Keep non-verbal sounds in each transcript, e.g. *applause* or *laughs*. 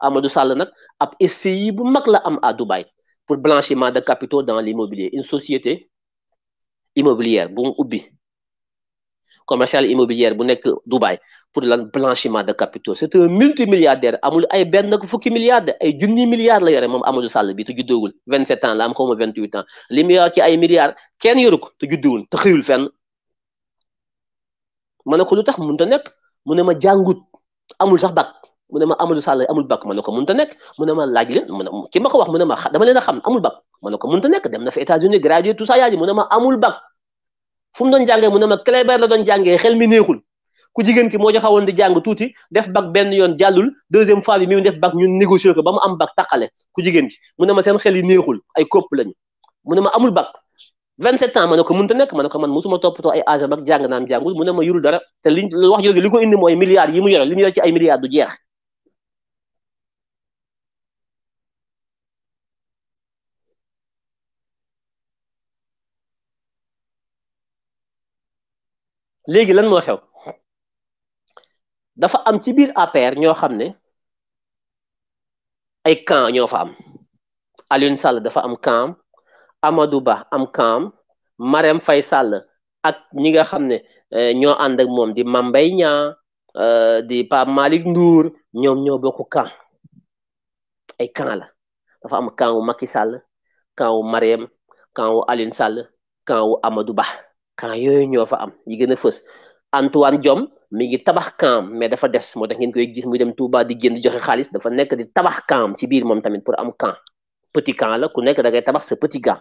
Amadou Sall nak ab SCI bu mag la am à Dubaï pour blanchiment de capitaux dans l'immobilier une société immobilière bu ubi commercial commerciale immobilière bu nek Dubaï pour le blanchiment de capitaux c'est un multimilliardaire amul ay a fukki milliards y ay des milliards la yore mom Amadou Sall bi milliards. Il 27 ans la am Il 28 ans milliards. Il yor ci ay milliards ken yoruk Il y a te milliards. fenn y a ko milliards. Il y a a mu ne ma y amul sax bac. mu a ma amul bac ma ne ko mënta nekk mu a ma laaj leen mu ne ki ma ko wax mu ne ma dama leen a xam amul bac ma ne ko mënta nekk dem na ji mu ne ma amul bac di jàng tuuti def bac benn yoon jàllul deuxième fois bi mi def bac ba mu am bac taqale ku jigéen ki mu ne ma seen xel yi neexul ko mënta nekk ma ne ko man musuma toppatoo ay âge bac jàng naam jàngul mu ne ma yurul dara te li wax jóge li ko indi mooy milliards yi mu yore ci ay milliards jeex léegi lan moo xew dafa am ci biir APR ñoo xam ne ay camp ñoo fa am Alioune Sall dafa am camp Amadou Ba am camp Marème fay Sall ak ñi nga xam ne euh, ñoo ànd ak moom di Mame Mbaye Niang euh, di Pape Malick Ndour ñoom ñoo bokk camp ay camp la dafa am camp wu Macky Sall camp wu Marème camp wu Alioune Sall camp wu Amadou Ba kan yooyu ñoo fa am yi gën a fës Antoine Diome mi ngi tabax camp mais dafa des moo tax ngeen koy gis muy dem Touba di génn joxe xaalis dafa nekk di tabax camp ci biir moom tamit pour am kan petit kan la ku nekk da ngay tabax sa petit camp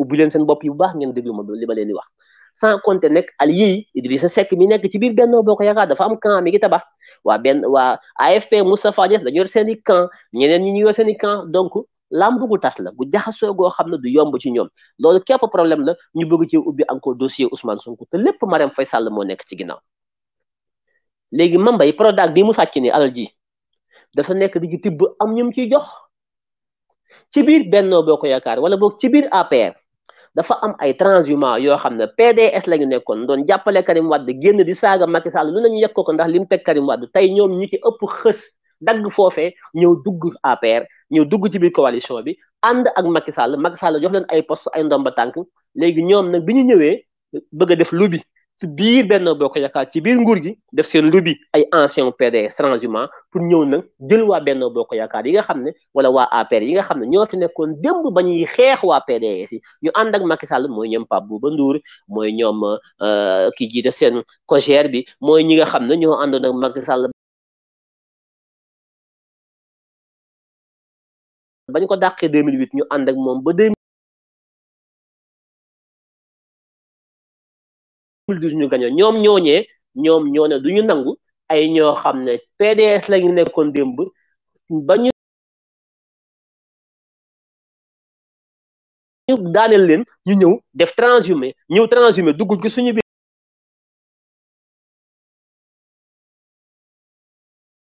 ubbi leen seen bopp yi baax ngeen déglu ma li ma leen wax sans compter nek allié Idrissa sek mi nek ci biir Benno boko dafa am camp mi ngi tabax wa ben wa AFP Moustapha Niass dañu seni camp ñeneen ñi ñu yo seni donc lamb gu tas la gu jaxasoo goo xam ne du yomb ci ñoom loolu képp problème la ñu bëgg ci ubbi encore dossier Ousmane Sonko te lépp Marème Faye Sall moo nekk ci ginnaaw léegi mambay Prodac bi mu sàcc ni alal ji dafa nekk di ci tibb am ñum ciy jox ci biir Benno Bokk Yaakaar wala boog ci biir APR dafa am ay transhumants yoo xam ne PDS la ñu nekkoon doon jàppale Karim Wade génn di saaga Macky Sall lu nañu yekk ko ndax li mu teg Karim Wade tey ñoom ñu ci ëpp xës dagg foofee ñëw dugg APR ñëw dugg ci biir coalition bi ànd ak Macky Sall Macky Sall jox leen ay poste ay ndomba tànk léegi ñoom nag bi ñu bëgg def lubi ci biir benn bokk yaakaar ci biir nguur gi def seen lubi ay ancien PDS transhumant pour ñëw nag jël waa benn bokk yaakaar yi nga xam ne wala waa APR yi nga xam ne ñoo fi nekkoon démb ba ñuy xeex waa PDS yi ñu ànd ak Macky Sall mooy ñoom Pape Bouba Ndour mooy ñoom euh, ki jiite seen cogère bi mooy ñi nga xam ne ñoo ak Macky bañ ko dàqee 2008 ñu ànd moom ba 2012 ñu gaño ñoom ñooñee ñoom ñoo ne du ñu nangu ay ñoo xam ne PDS lañu nekkoon démb ba ñu daaneel leen ñu ñëw def transhumé ñëw transhumé dugg ci suñu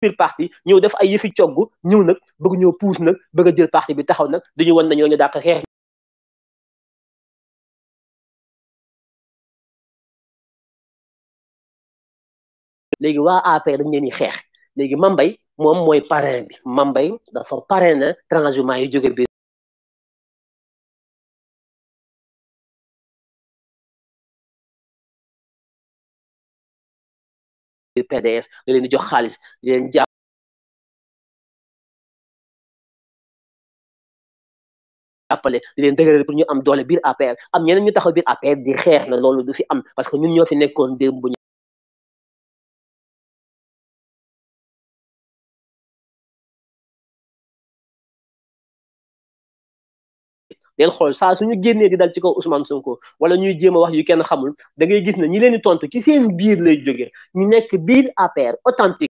biir parti ñëw def ay yëfi cogg ñëw nag bëgg ñoo puus nag bëgg a jël parti bi taxaw nag dañu wan nañu ñu dàq xeex léegi waa APR dañ leen di xeex léegi ma mbay moom mooy parrain bi ma mbay dafa parrain na transhumance yi jóge biir PDS da leen di jox xaalis di leen jàpp jàppale di leen dëgëral pour ñu am doole biir APR am ñeneen ñu taxaw biir APR di xeex na loolu du fi am parce que ñun ñoo fi nekkoon del xool saa suñu génnee di dal ci kaw Ousmane Sonko wala ñuy jéem wax yu kenn xamul dangay gis ne ñi leen di tontu ci seen biir lay jóge ñu nekk biir APR authentique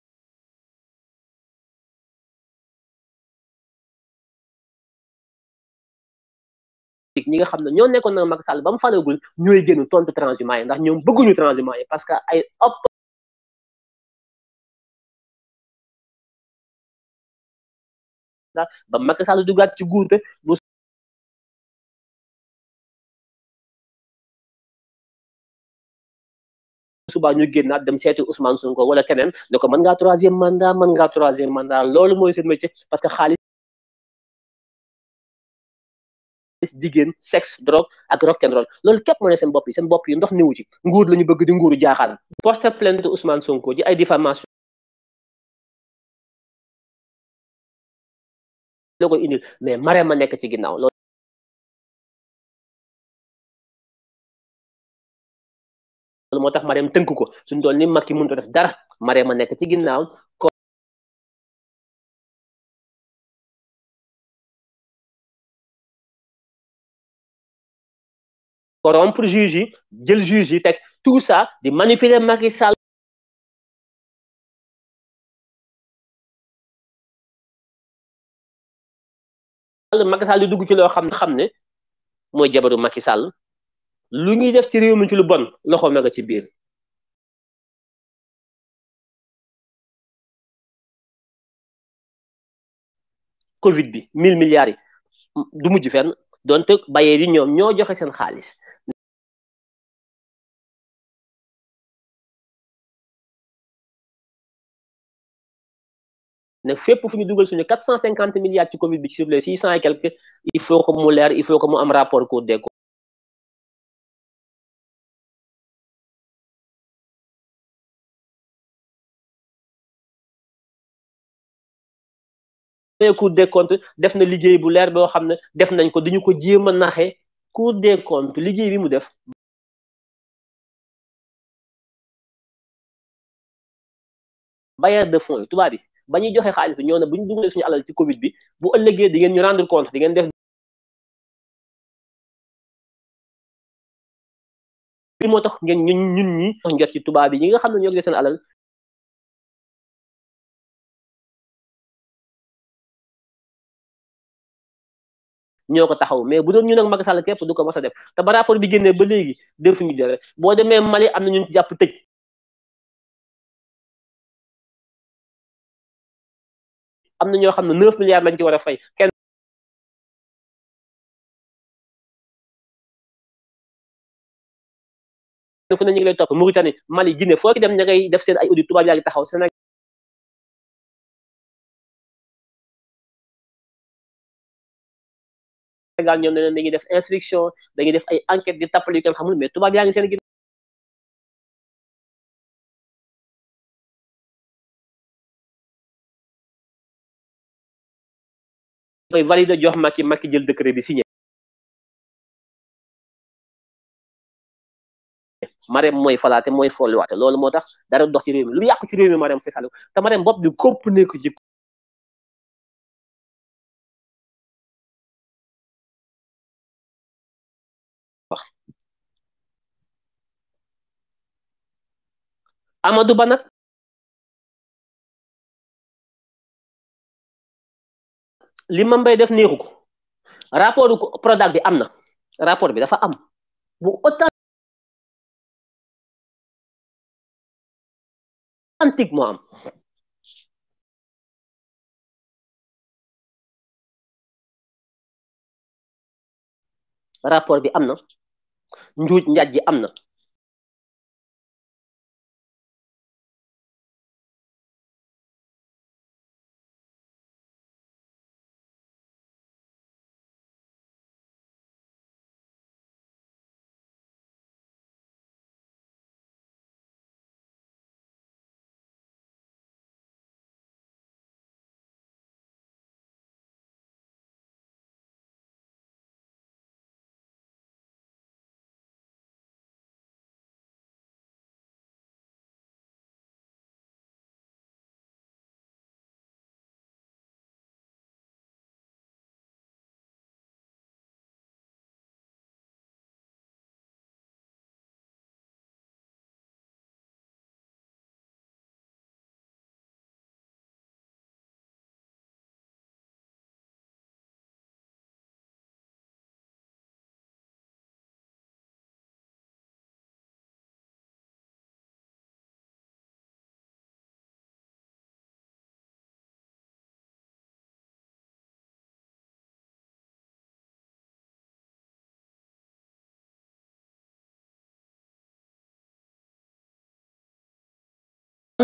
ñi nga xam ne ñoo nekkoon nag Macky Sall ba mu falagul ñooy génn tontu transhumant yi ndax ñoom bëgguñu transhumant yi parce que ay ba Macky Sall dugaat ci guute suba ñu génnaat dem seeti Ousmane Sonko wala keneen ne ko mën ngaa troisième mandat mën ngaa troisième mandat loolu mooy seen métier parce que xaalis jigéen sexe drogue ak rock and roll loolu képp moo ne seen bopp yi seen bopp yi ndox niwu ci nguur la ñu bëgg di nguuru jaaxal porte plainte Ousmane Sonko ji ay diffamation la ko indil mais mare ma nekk ci ginnaaw lolu motax Mariam tënk ko suñ tool ni makki muñ a def dara Mariam a nekk ci korom pour juge yi jël juge yi teg tout ça di manipuler Macky Sall Macky Sall di dugg ci loo xam xam ne mooy jabaru Macky Sall lu ñuy def ci réew mi ci lu bon loxoom na nga ci biir covid bi mille milliards yi du mujj fenn donte bayee yi ñoom ñoo joxe seen xaalis ne fépp fu ñu dugal suñu quatre cent cinquante milliards ci covid bi ci sur les six cent et quelques il faut que mu leer il faut que mu am rapport Cour des Cour des comptes def na liggéey bu leer boo xam ne def nañ ko dañu ko jéem a naxe Cour des comptes liggéey bi mu def bailleur de fonds yi tubaab yi ba ñuy joxe xaalis bi ñoo ne bu ñu dugalee suñu alal ci Covid bi bu ëllëgee di ngeen ñu rendre compte di ngeen def bi moo tax ngeen ñun ñi jot ci tubaab yi ñi nga xam ne ñoo ngi seen alal ñoko taxaw mais bu doon ñu nak mag Sall kep du ko mos def te ba rapport bi génnee ba légui def fu ñu jël bo démé Mali am na ñu jàpp tëj am na ñoo xam 9 milliards lañ ci wara fay kenn ku ne ñu ngi lay top Mauritanie Mali Guinée fo ci dem ña def seen ay audit tuba yaa taxaw Sénégal Sénégal ñoom ne leen dañuy def inspection dañuy def ay enquête di tappal yi kenn xamul mais tubaab yaa ngi seen ginnaaw koy valide jox Macky Macky jël décret bi signé Marème mooy falaate mooy folliwaate loolu moo tax dara dox ci réew mi lu yàqu ci réew mi Marème Faye Sall te Marème bopp bi kopp nekk ci Amadou Ba nag li Mame def neexu ko rapport Prodac bi am na rapport bi dafa am bu authentique rapport bi am na njuut njaaj ji am na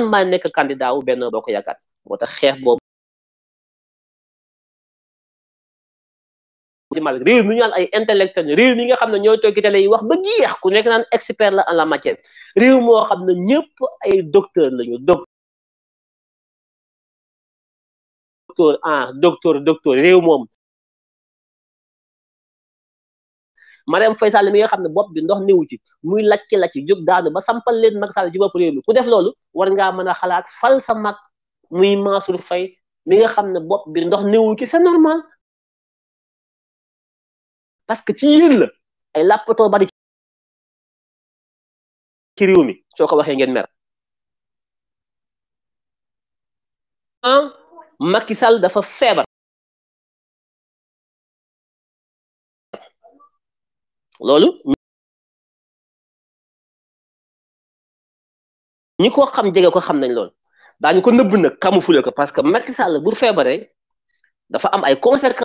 maa nekk candidat wu Benno Bokk Yaakaar moo tax xeex boobu mal réew mi ñu ay intellectuel réew mi nga xam ne ñooy tokki télé yi wax ba jeex ku nekk naan expert la en la matière réew moo xam na ñépp ay docteur lañu docteur en docteur docteur réew moom Marième Faye Sall mi nga xam ne bopp bi ndox néew ci muy lacci lacci jóg daanu ba sampal leen Macky Sall ci bopp réew mi ku war ngaa mën a xalaat fal sa mag muy Mansour Faye mi nga xam ne ndox néew ci c'est normal parce que soo ko waxee ngeen mer ah, Macky Sall dafa feebar loolu ñi ko xam jege ko xam nañ lool daañu ko nëbb na camoufler ko parce que Macky Sall bu feebaree dafa am ay conséquences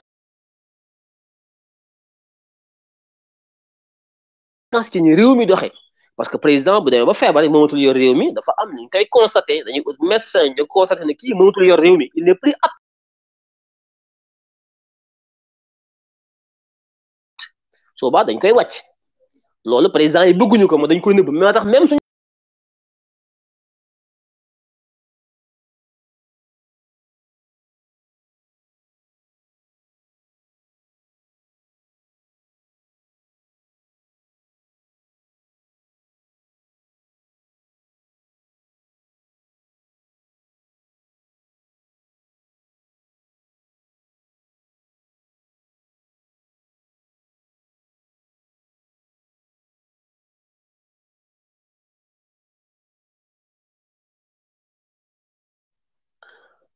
ci ñu réew mi doxee parce que président bu demee ba feebar mënatul yor réew mi dafa am nañ koy constaté dañuy ut médecin ñu constaté ne kii mënatul yor réew mi il plus apte su boobaa dañ koy wàcc loolu président yi bëgguñu ko mo dañ koy nëbb mais tax même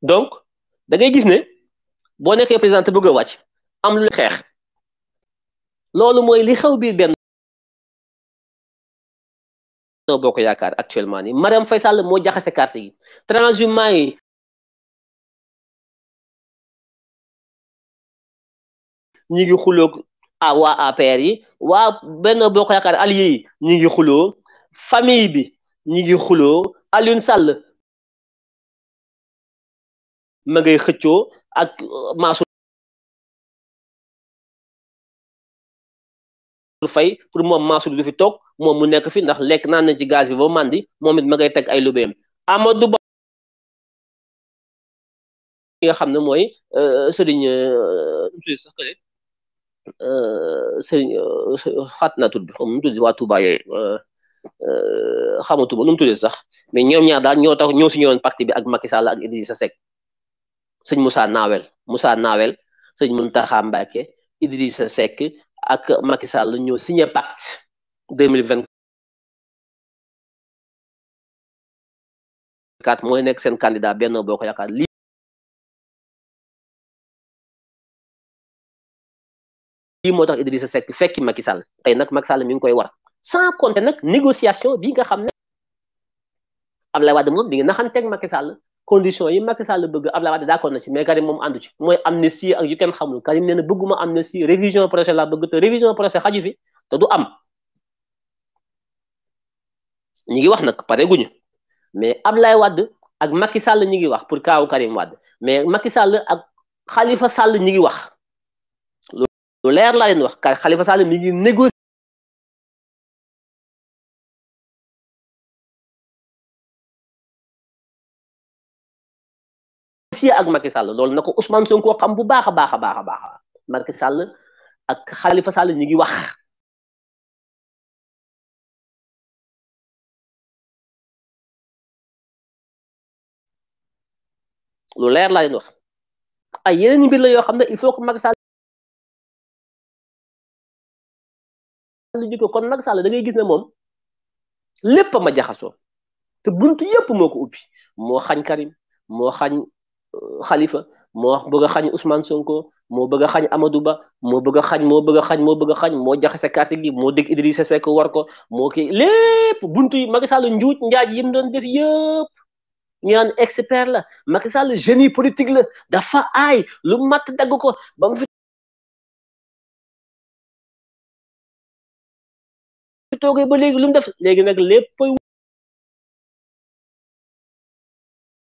donc da gis ne boo nekkee président te bëgg wàcc am lu xeex loolu mooy li xew biir benn boo ko yaakaar actuellement ni Mariam Faye Sall moo jaxase carte yi transhumant yi ñi ngi xuloog a waa yi waa benn boo ko yaakaar allié yi ñi ngi famille bi ñi ngi xuloo Sall ma ngay xëccoo ak euh, maasu fay pour moom maasul du fi toog moom mu nekk fi ndax lekk naan na ci gaz bi ba màndi moom it ma ngay teg ay lubéyam Amadou Ba nga xam ne mooy euh, sëriñ euh, sëriñ xaat naa tudd bi xam nu mu tudd waa Touba yooyu xamatuma nu mu tudd sax mais ñoom ñaar daal ñoo tax ñoo si ñëwoon parti bi ak Macky Sall ak sa Seck seigne Moussa Nawel Moussa Nawel seigne muntaha mbake Idrissa Seck ak Macky Sall ñu signé pacte 2024 moy nek sen candidat Benno boko yakkat li li motax Idrissa Seck fekki Macky Sall tay eh, nak Macky Sall mi ngi koy war sans compter nak négociation bi nga Abdoulaye Wade mom bi nga ak Macky Sall condition yi Macky Sall bëgg Abdoulaye Wade d'accord na ci mais Karim moom àndu ci mooy amnistie ak yu kenn xamul Karim nee na bëgguma amnistie révision procès la bëgg te révision procès xaju fi te am ñi ngi wax nag pare guñu mais Abdoulaye Wade ak Macky Sall ñi ngi wax pour kaawu Karim Wade mais Macky Sall ak Khalifa Sall ñi ngi wax lu leer laa leen wax Khalifa Sall mi ngi si ak Macky Sall loolu na ko Ousmane Sonko xam bu baax a baax a baax a baax ak Khalifa Sall ñu ngi wax lu leer lay leen wax ay yeneen mbir la yoo xam ne il faut que Macky Sall jikko kon Macky Sall da gis ne moom lépp ma jaxasoo te buntu yépp moo ko ubbi moo xañ Karim moo xañ Khalifa mo wax bëgg a xañ Ousmane Sonko mo bëgg a xañ Amadou Ba mo bëgg a xañ moo bëgg a xañ moo bëgg a mo jaxé sa carte gi mo dégg Idrissa Seck war ko mo ki lépp buntu yi Macky Sall njuut njaaj yi mu doon def yépp ñaan expert la Macky Sall génie politique la dafa ay lu mat dagg ko ba mu fi toogee ba léegi lu mu def léegi nag lépp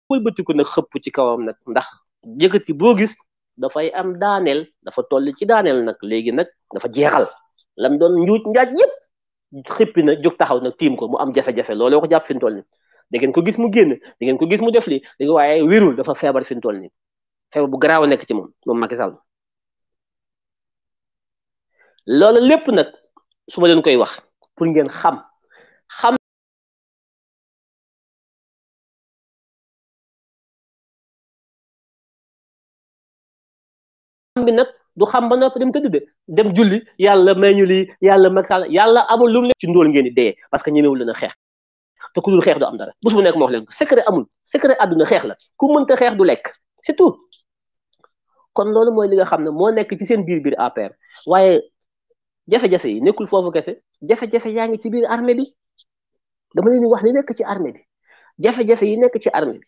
wëlbatiku nag xëpp ci kawam nag ndax yëkkati boo gis dafay am daaneel dafa toll ci daaneel nag léegi nag dafa jeexal lam doon njuuj njaaj yëpp xëppi na jóg taxaw nag tiim ko mu am jafe-jafe loolu ko jàpp fi mu toll nii da ngeen ko gis mu génn da ngeen ko gis mu def lii léegi waaye wérul dafa feebar fi mu toll nii feebar bu garaaw nekk ci moom moom Macky Sall loolu lépp nag su ma leen koy wax pour ngeen xam xam du xam ba noppi dem tëdd de dem julli yàlla may ñu lii yàlla mag sàll yàlla amul lu mu leen ci ndóol ngeen di dee parce que ñemewul dana a xeex te ku dul xeex du am dara bés bu nekk ma wax leen ko secret amul secret àdduna xeex la ku mënta xeex du lekk c'est tout kon loolu mooy li nga xam ne moo nekk ci seen biir biir APR waaye jafe-jafe yi nekkul foofu kese jafe-jafe yaa ngi ci biir armée bi dama leen di wax li nekk ci armée bi jafe-jafe yi nekk ci armée bi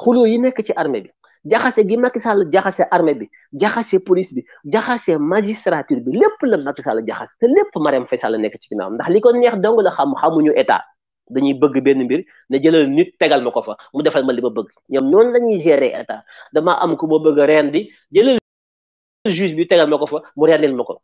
xuloo yi nekk ci armée bi jaxasee gi Macky Sall jaxase armée bi jaxase police bi jaxase magistrature bi lépp la Macky Sall jaxase te lépp Marème Faye Sall nekk ci ginnaawam ndax li ko neex dong la xam xamuñu état dañuy bëgg benn mbir ne jëlal nit tegal ma ko fa mu defal ma li ma bëgg ñoom noonu la ñuy gérer état dama am ku ma bëgg a bi jëlal juge bi tegal ma ko fa mu rendil ma ko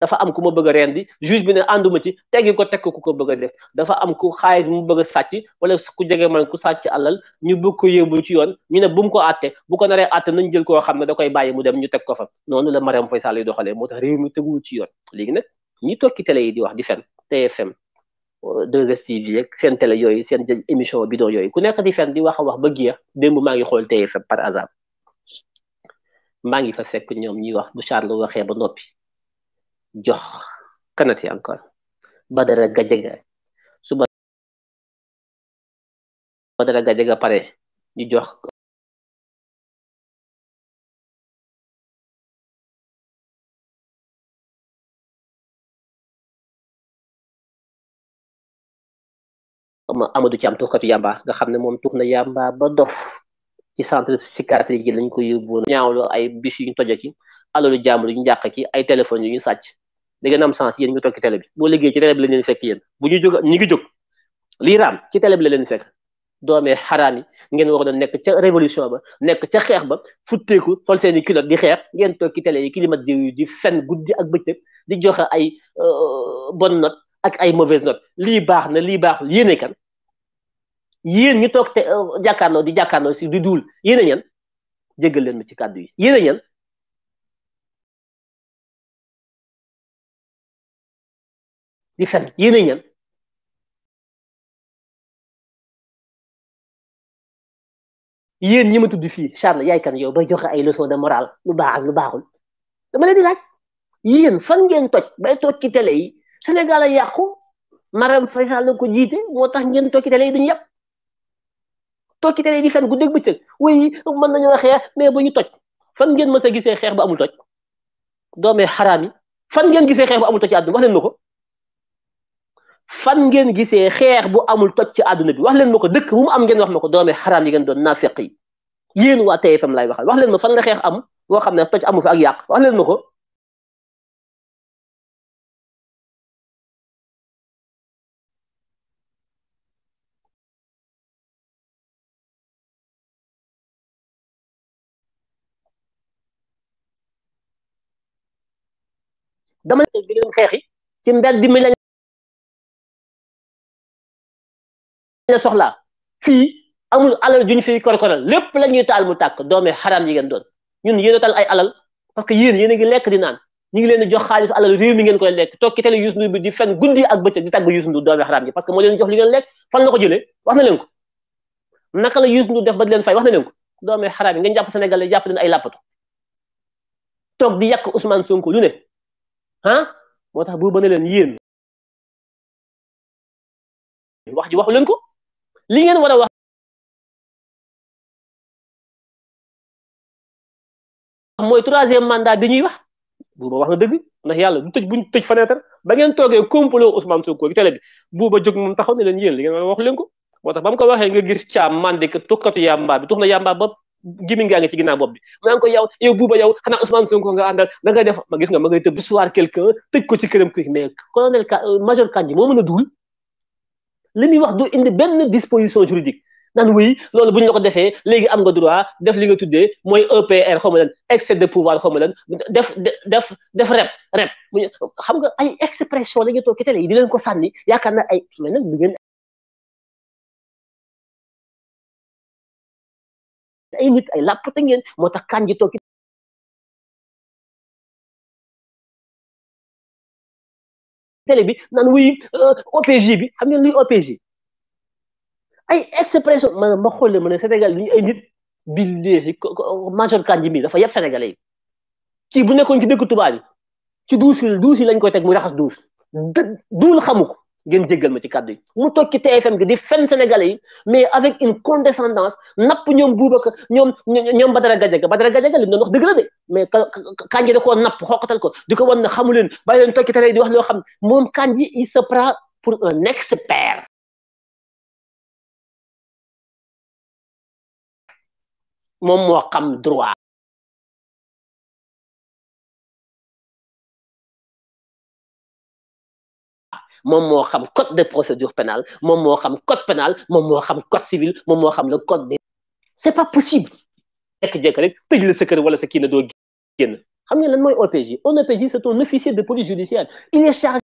dafa am ku ma bëgg reen rendi juge bi ne ànduma ci teggi ko teg ko ku ko bëgg def dafa am ku xaalis mu bëgg sàcc wala ku jege man ku sàcc alal ñu bëgg ko yóbbu ci yoon ñu ne bu mu ko àtte bu ko naree àtte nañ jël koo xam ne da koy bàyyi mu dem ñu teg ko fa noonu la Marième Faye Sall yi doxalee moo tax réew mi teguwul ci yoon léegi nag ñi tokki télé yi di wax di fen TFM 2STV yeeg seen télé yooyu seen émission bidon yooyu ku nekk di fen di wax a wax ba giya démb maa ngi xool TFM par hasard maa ngi fa fekk ñoom ñuy wax bu Charles waxee ba noppi jox kanati encore Badara Gadiaga su Badara Gadiaga pare ñu jox Amadou Thiam tuxkatu yàmba nga xam ne moom tux na yàmba ba dof ci centre psychiatrique yi lañ ko yóbbu ñaawlu ay bis yu ñu tojo ci loolu jàmbur yu ñu jàq ki ay téléphone yu ñu sàcc da ngeen am sens yéen ngi toog ci télé bi boo liggéey ci télé bi la leen fekk yéen bu ñu jóg ñu ngi jóg lii raam ci télé la leen fekk doomee xaraam yi ngeen waroon a nekk ca révolution ba nekk ca xeex ba futteeku sol seen i kilo di xeex ngeen toog ki télé yi climat yi di fen guddi ak bëccëg di joxe ay euh, bon note ak ay mauvaise note lii baax na lii baaxul yéene kan yéen ñu toog te euh, jàkkaarloo di jàkkaarloo si di duul yéene ñan jéggal leen ma ci kàddu yi yéene ñan di fen yéenay ñan yéen ñi ma tudd fii Charles yaay kan yow bay joxe ay leçon de morale lu baax ak lu baaxul dama leen di laaj yéen fan ngeen toj bay toog ci télé yi Sénégal a yàqu Marème Faye Sall la ko jiite moo tax ngeen toog ci télé yi duñu yàpp toog ci télé yi di fen guddeeg bëccëg oui na nañoo xeex mais bu ñu toj fan ngeen a gisee xeex ba amul toj doomee xaraam yi fan ngeen gisee xeex bu amul toj ci àdduna wax leen ma ko fan ngeen gisee xeex bu amul toj ci àdduna bi wax leen ma ko dëkk bu mu am ngeen wax ma ko doome xaraam yi doon naafeq yi yéen waa TFM laay waxal wax leen ma fan xam ne toj amu ak yàq wax leen ma ko dama leen xeexi ci mbedd mi la soxlaa fii amul alal ju ñu fiy korkoral lépp la ñuy taal mu tàkk doome xaram yi ngeen doon ñun yéen a tal ay alal parce que yéen yéen a ngi lekk di naan ñu ngi leen di jox xaalis alal réew mi ngeen koy lekk toog ci télé Youssou Ndour bi di fen guddi ak bëccëg di tàgg Youssou Ndour doome xaram yi parce que moo leen jox li ngeen lekk fan la ko jëlee wax na leen ko naka la Youssou Ndour def ba di leen fay wax na leen ko doome xaram yi ngeen jàpp Sénégalais jàpp leen ay làppatu toog di yàq Ousmane Sonko lu ne ah moo tax bu ba ne leen yéen wax ji waxu leen ko li ngeen war a wax mooy troisième mandat bi ñuy wax buuba wax na dëgg ndax yàlla du tëj bu tëj fenêtre ba ngeen toogee complot Ousmane Sonko ci télé bi buuba jóg moom taxaw ne leen yéen li ngeen war a wax leen ko tax ba mu ko waxee nga gis caam mandé que tukkatu yàmbaa bi tux na yàmbaa ba gémmiñ gaa ngi ci ginnaaw bopp bi mu naan ko yow yow buuba yow xanaa Ousmane Sonko nga àndal da nga def ma gis nga ma ngay tëb soir quelqu'un tëj ko ci këram kii mais colonel euh, major Kandji moo mën a duul li muy wax du indi benn disposition juridique naan wuy loolu bu ñu la ko defee léegi am nga droit def li nga tuddee mooy EPR xaw ma lan excès de pouvoir xaw ma lan def def def rep rep xam nga ay expression la ñu toog télé yi di leen ko sànni yaakaar naa ay mais nag du ngeen ay nit ay làpp te ngeen moo tax kan ji toog télé bi naan wuy euh, OPJ bi xam ngeen luy OPJ ay expression ma ma xoolee ma ne Sénégal li ay nit bi léegi major Kandji mi dafa yeb Sénégalais kii bu nekkoon ci dëkk tubaab yi ci duus yi yi lañ koy teg muy raxas duus duul xamu ko ngeen jéggal ma ci kàddu yi mu toog ci TFM gi di fenn Sénégalais yi mais avec une condescendance napp ñoom Boubacar ñoom ñoom Badara Gadiaga Badara Gadiaga li mu doon wax dëgg mais Kandji da koo napp xooqatal ko di ko wan ne xamu leen bàyyi leen toog di wax loo xam ka Kandji il se prend pour un expert. moom moo xam droit. moom moo xam code de procédure pénale moom moo xam code pénal moom moo xam code civil moom moo xam le code des c'est pas possible jekk-jekk rek tëj la sa kër wala sa kii na doo génn xam nga lan mooy OPJ un OPJ c'est un officier de police judiciaire il est chargé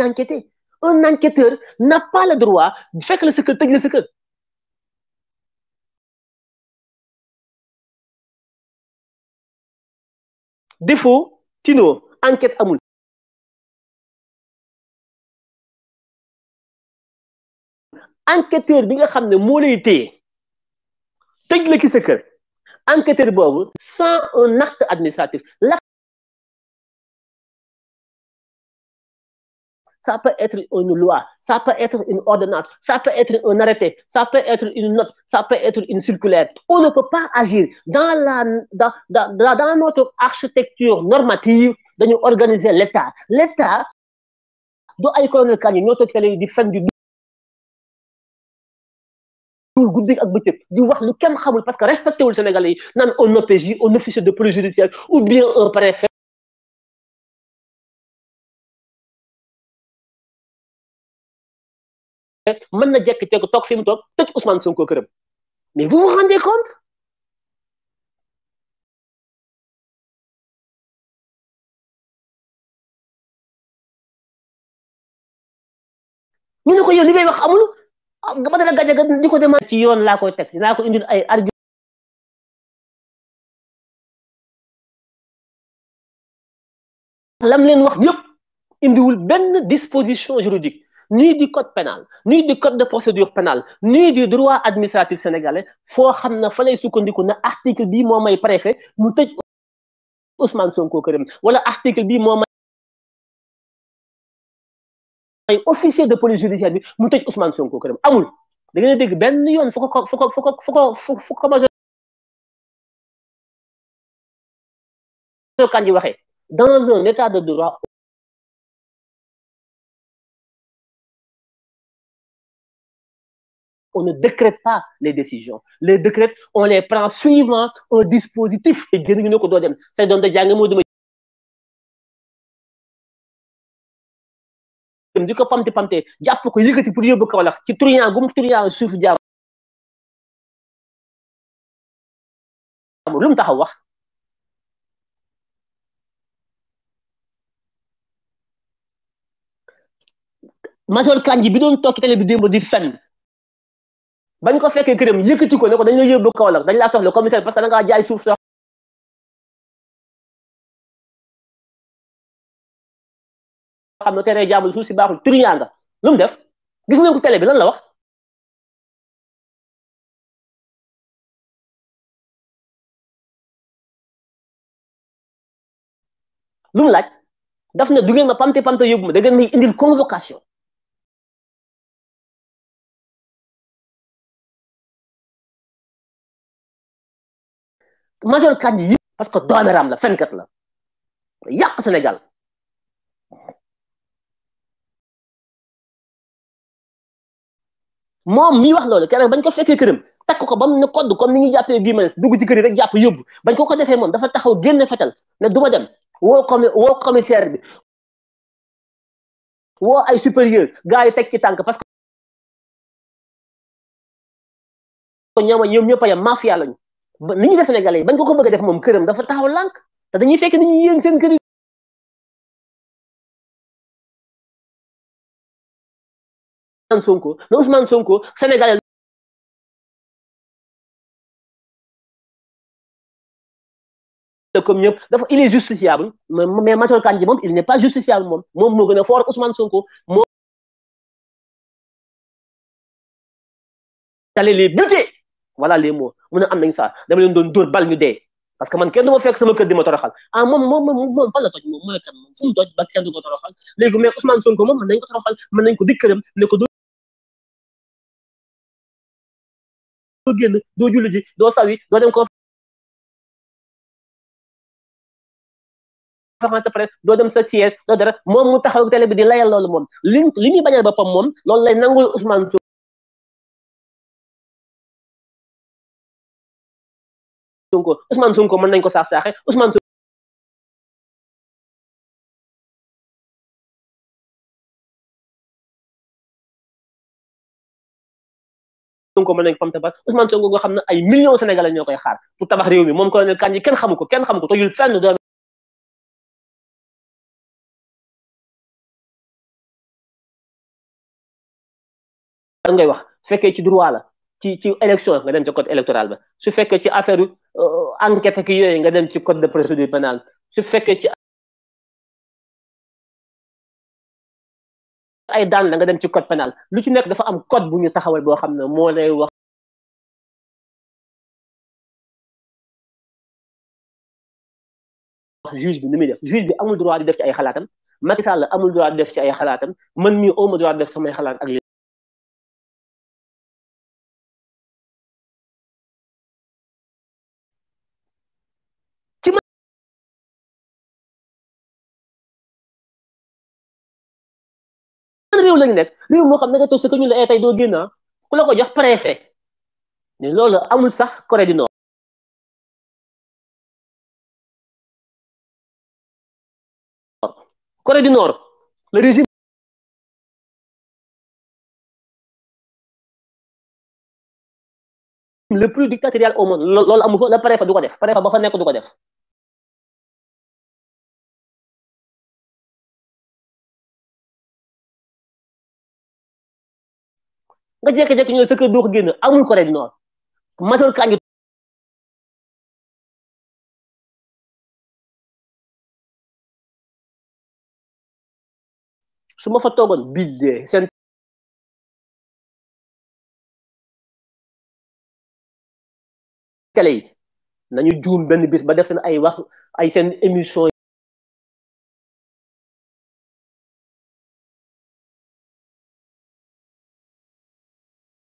d'enquêter un enquêteur n'a pas le droit de faire sa kër tëj la sa kër défaut Tino enquête amul enquêteur bi nga xam ne moo lay téye tëj la ki sa kër enquêteur boobu sans un acte administratif ça peut être une loi, ça peut être une ordonnance, ça peut être un arrêté, ça peut être une note, ça peut être une circulaire. On ne peut pas agir dans, notre architecture normative de nous organiser l'État. L'État doit être parce que Sénégalais de police judiciaire ou bien un préfet mën na jékki-jékki toog fi mu toog Ousmane Sonko këram mais vous vous rendez compte ñu ne ko yow li ngay wax amul nga ba dala gajaga di ko demande ci yoon laa koy teg laa ko indil ay argu lam leen wax yëpp indiwul benn disposition juridique ni du code pénal ni du code de procédure pénale ni du droit administratif sénégalais fo xamna na fa lay sukkandiku na article bi moo may préfet mu tëj Ousmane Sonko kërëm wala article bi moo may officier de police judiciaire bi mu tëj Ousmane Sonko kërëm amul da ngeen dégg benn yoon fu ko fu ko fu ko fu ko fu ko major Kandji waxee dans un état de droit on ne décrète pas les décisions les décrets on les prend suivant un dispositif C'est génn ñu ko doo dem say doom da jàng ko pamte pamte jàpp ko yëkkati pour yóbbu Kaolack ci turian gum turian suuf jaar lu mu taxaw wax major kanji bi doon toog télé bi démb di fenn bañ ko fekkee këram yëkkati ko ne ko dañ la yóbbu Kaolack dañ laa soxla commissaire parce que da ngaa jaay suuf sox xam ne terrain jaamul suuf si baaxul turiñaa nga lu mu def gis ngeen ko télé bi lan la wax lu mu laaj daf ne du ngeen ma pamte pamte yóbbu ma da ngeen may indil convocation major kàddu yi parce que doomeram la fenkat la yàq Sénégal moom mii wax loolu keneen bañ ko fekkee këram takk ko ba mu ne kodd comme ni ñuy jàppee Guy Marius dugg ci kër rek jàpp yóbbu bañ ko ko defee moom dafa taxaw génne fetal ne du ma dem woo commi woo commissaire bi woo ay supérieur gars yi tànk parce que ñoom ñëpp a yem mafia lañu ba ni ñu def Sénégalais yi bañ ko ko bëgg a def moom këram dafa taxaw lànk te dañuy fekk ni ñuy yéen seen kër Sonko na Ousmane Sonko Sénégalais comme ñëpp dafa il est justiciable mais Major Kandji moom il n'est pas justiciable moom moom moo gën a fort Ousmane Sonko moom allez voilà les mots mu ne am nañ saa dama leen doon dóor bal ñu dee parce que man kenn du ma fekk sama kër di ma toroxal ah moom moom moom fan la ko toroxal léegi mais Ousmane Sonko ko toroxal mën nañ ko dikkëram ne ko doo génn doo julli ji doo sawi doo dem conférence doo dem sa siège doo dara moom mu taxaw télé bi di layal loolu moom li li ñuy bañal boppam moom loolu lay nangul Ousmane Sonko Ousmane Sonko mën nañ ko saax saaxe Ousmane Sonko mën nañ ko pam tabax Ousmane Sonko nga xam ne ay millions sénégalais ñoo koy xaar pour tabax réew mi moom colonel Kandji kenn xamu ko kenn xamu ko tojul fenn doon ngay wax fekkee ci droit la ci ci élection nga dem ci code électoral ba su fekkee ci affaire euh, enquête ki yooyu nga dem ci code de procédure pénale su fekkee ci ay daan la nga dem ci code pénal lu ci nekk dafa am code bu ñu taxawal boo xam ne moo lay wax juge bi ni muy def juge bi amul droit di def ci ay xalaatam Macky Sall amul droit di def ci ay xalaatam man mii amul droit di def samay xalaat ak lañu nekk réew moo xam ne nga toog sa kër la eh, tey doo génn ah. ku la jox préfet ne loolu amul sax Corée du Nord. Corée du Nord le régime le plus dictatorial au monde loolu amul fa le préfet du ko def préfet ba fa nekk du ko def. nga jékki-jékki ñëw sa kër doo ko amul ko rek major Kanji su ma fa toogoon bille seen télé yi nañu juum benn bis ba def seen ay wax ay seen émission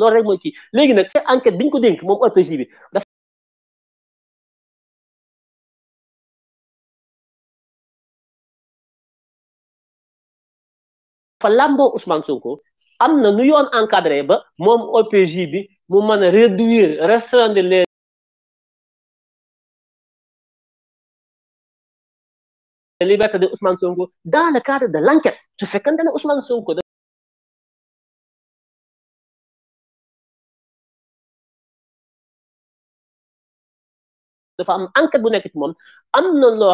loolu rek mooy kii léegi nag enquête bi ñu ko dénk moom OPJ bi dafa làmboo Ousmane Sonko am na nu yoon encadré ba moom OPJ bi mu mën a réduire restreindre les libertés de Ousmane Sonko dans le cadre de l'enquête su fekkante ne Ousmane dafa am enquête bu nekk ci moom am na loo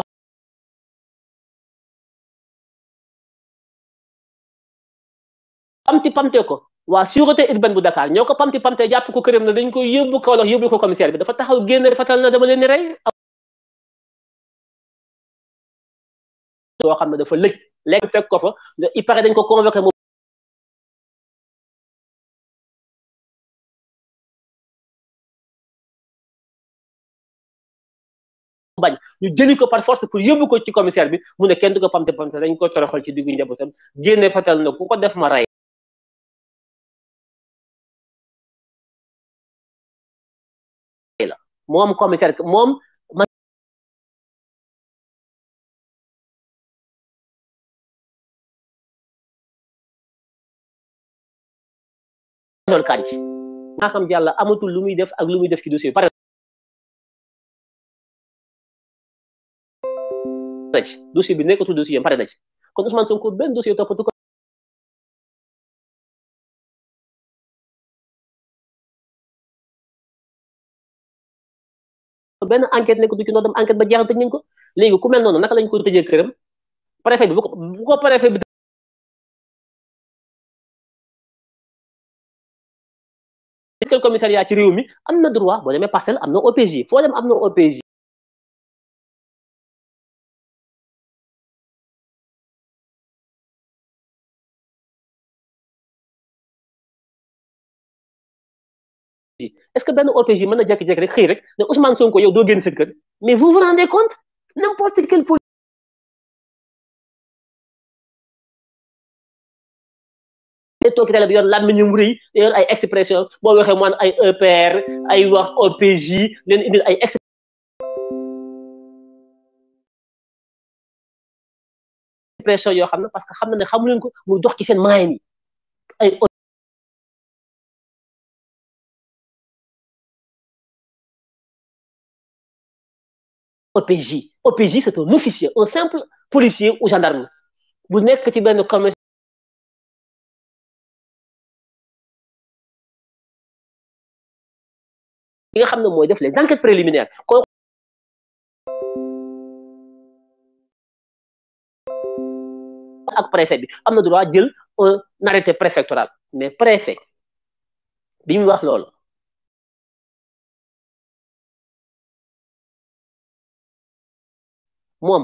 pamti pamte ko waa sûreté urbaine bu Dakar ñoo ko pamti pamte jàpp ko këram na dañ ko yóbbu Kaolack yóbbu ko commissaire bi dafa taxaw génn fatal na dama leen ni rey loo xam ne dafa lëj léegi fekk ko fa il paraît dañ ko convoqué bañ ñu jëli ko par force pour yóbbu ko ci commissaire bi mu ne kenn du ko pamte pamte dañ ko toroxal ci diggu njabootam génne fatal na ku ko def ma rey la moom commissaire moom loolu kànc naa xam amatul lu muy def ak lu muy def ci dossier bi na ci dossier bi nekkatul dossier am pare na ci kon Ousmane benn dossier ko. benn enquête nekkatul ci noonu dem enquête ba jeexal tëj nañ ko léegi ku mel noonu naka lañ ko tëjee këram bi bu ko bu bi. commissariat ci réew mi est-ce que benn OPJ mën na jékki-jékki rek xëy rek ne Ousmane Sonko yow doo génn seen mais vous vous rendez compte n'importe quel politique toog télé bi yor làmmiñam rëy ay expression boo waxee mu ay EPR ay wax OPJ leen indil ay expression yoo xam ne parce que xam na ne xamu leen ko mu dox seen maayam OPJ OPJ c'est un officier un simple policier ou gendarme Vous n'êtes que des commerce yi nga xam ne mooy def les enquêtes préliminaires ko ak préfet bi am le droit jël un arrêté préfectoral mais préfet bi mu wax Moi,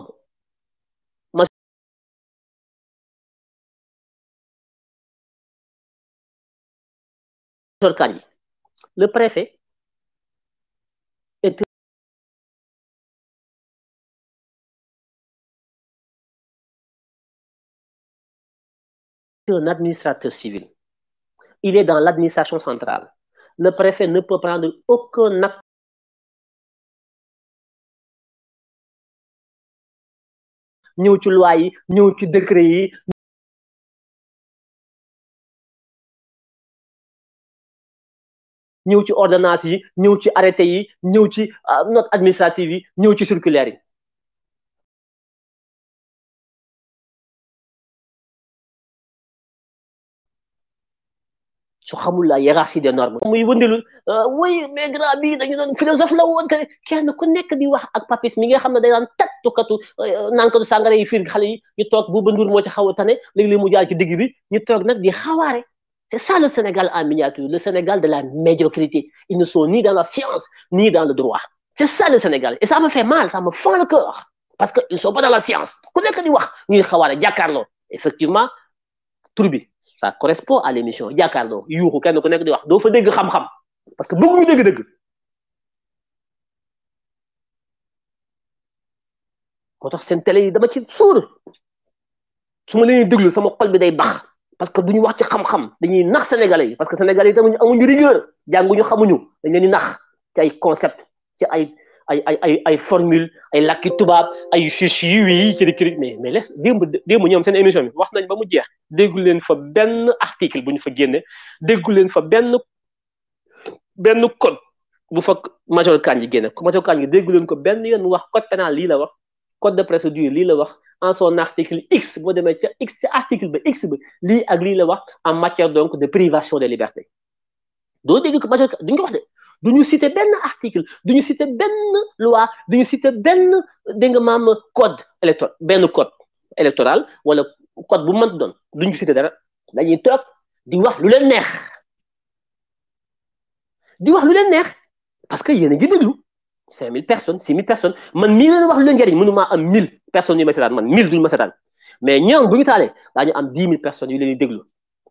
le préfet est un administrateur civil. Il est dans l'administration centrale. Le préfet ne peut prendre aucun acte ñëw ci loi yi ñëw ci décret yi ñëw ci ordonnance yi ñëw ci arrêté yi ñëw ci ah, note administrative yi ñëw ci circulaire yi su xamul la hiérarchie des normes muy wëndilu oui mais grand bi dañu doon philosophe la woon que kenn ku nekk di wax ak papis mi nga xam ne day naan tattukatu naankatu sàngara yi fiir xale yi ñu toog bu banduur moo ci xaw a tane léegi li mu jaar ci digg bi ñu toog nag di xawaare c'est ça le Sénégal en miniature le Sénégal de la médiocrité ils ne sont ni dans la science ni dans le droit c'est ça le Sénégal et ça me fait mal ça me fend le cœur parce que ils ne sont pas dans la science ku nekk di wax ñuy xawaare jàkkaarloo effectivement tur bi ça correspond à l'émission Yakarlo yuuxu kenn ko y di wax parce que beaucoup tax télé dama ci sama xol parce que duñu wax ci xam-xam dañuy sénégalais parce que sénégalais un rigueur concept ay ay ay ay formule ay lakki tubaab ay fiche wi wii kiri mais mais les démb démb ñom seen émission bi wax nañ ba mu jeex déggul leen fa ben article buñ fa génne déggul leen fa ben ben code bu fa major yi Kandji génne major yi déggul leen ko ben yoon wax code pénal li la wax code de procédure li la wax en son article x bo demee ca x ci article ba x ba lii ak li la wax en matière donc de privation de liberté doo dégg ko major duñ ko wax de duñu cité ben article duñu cité ben loi duñu cité ben dégg nga maam code électoral ben code électoral wala code bu mën doon duñu cité dara dañuy toog di wax lu leen neex di wax lu leen neex parce que yéen a ngi déglu cinq mille personnes six mille personnes man mii leen wax lu leen njëriñ mënu am mille personnes yu ma seetaan man mille duñu ma seetaan mais ñoom bu ñu taalee daañu am dix mille personnes yu leen di déglu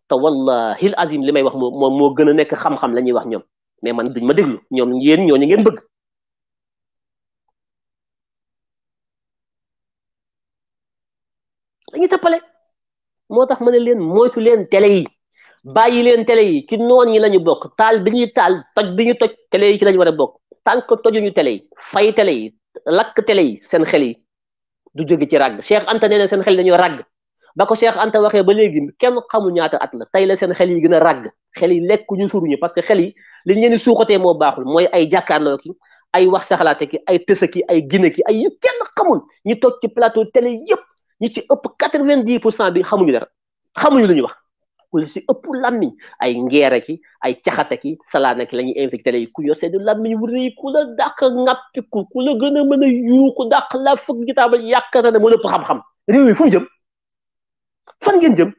te wallahi azim li may wax moo moo moo gën a nekk xam-xam la ñuy wax ñoom mais man duñ ma déglu ñoom yéen ñooñu ngeen bëgg dañuy tappale moo tax ma ne leen moytu leen télé yi bàyyi leen télé yi ci noon yi lañu bokk taal bi ñuy taal toj bi ñu toj télé yi ci lañu war a bokk tànk tojuñu télé yi fay télé yi lakk télé yi seen xel yi du jóge ci ràgg Cheikh Anta nee na seen xel yi dañoo ràgg ba ko seex Anta waxee ba léegi kenn xamu ñaata at la tey la seen xel yi gën a ràgg xel yi lekk ñu suruñu parce que xel yi li ñu leen di moo baaxul mooy ay jàkkaarloo ki ay wax saxalaate ki ay tësa ki ay gine ki ay yu kenn xamul ñu toog ci plateau télé yëpp ñi ci ëpp quatre vingt dix pour cent bi xamuñu dara xamuñu lu ñu wax wala si ëpp làmmiñ ay ngeera ki ay caxata ki salaana ki la ñuy invité télé yi ku yor seenu làmmiñ wu rëy ku la dàq ŋàppiku ku la gën a mën a yuuku dàq la fukk gitaabal yàkkata ne moo lépp xam-xam réew yi fu mu jëm fan ngeen jëm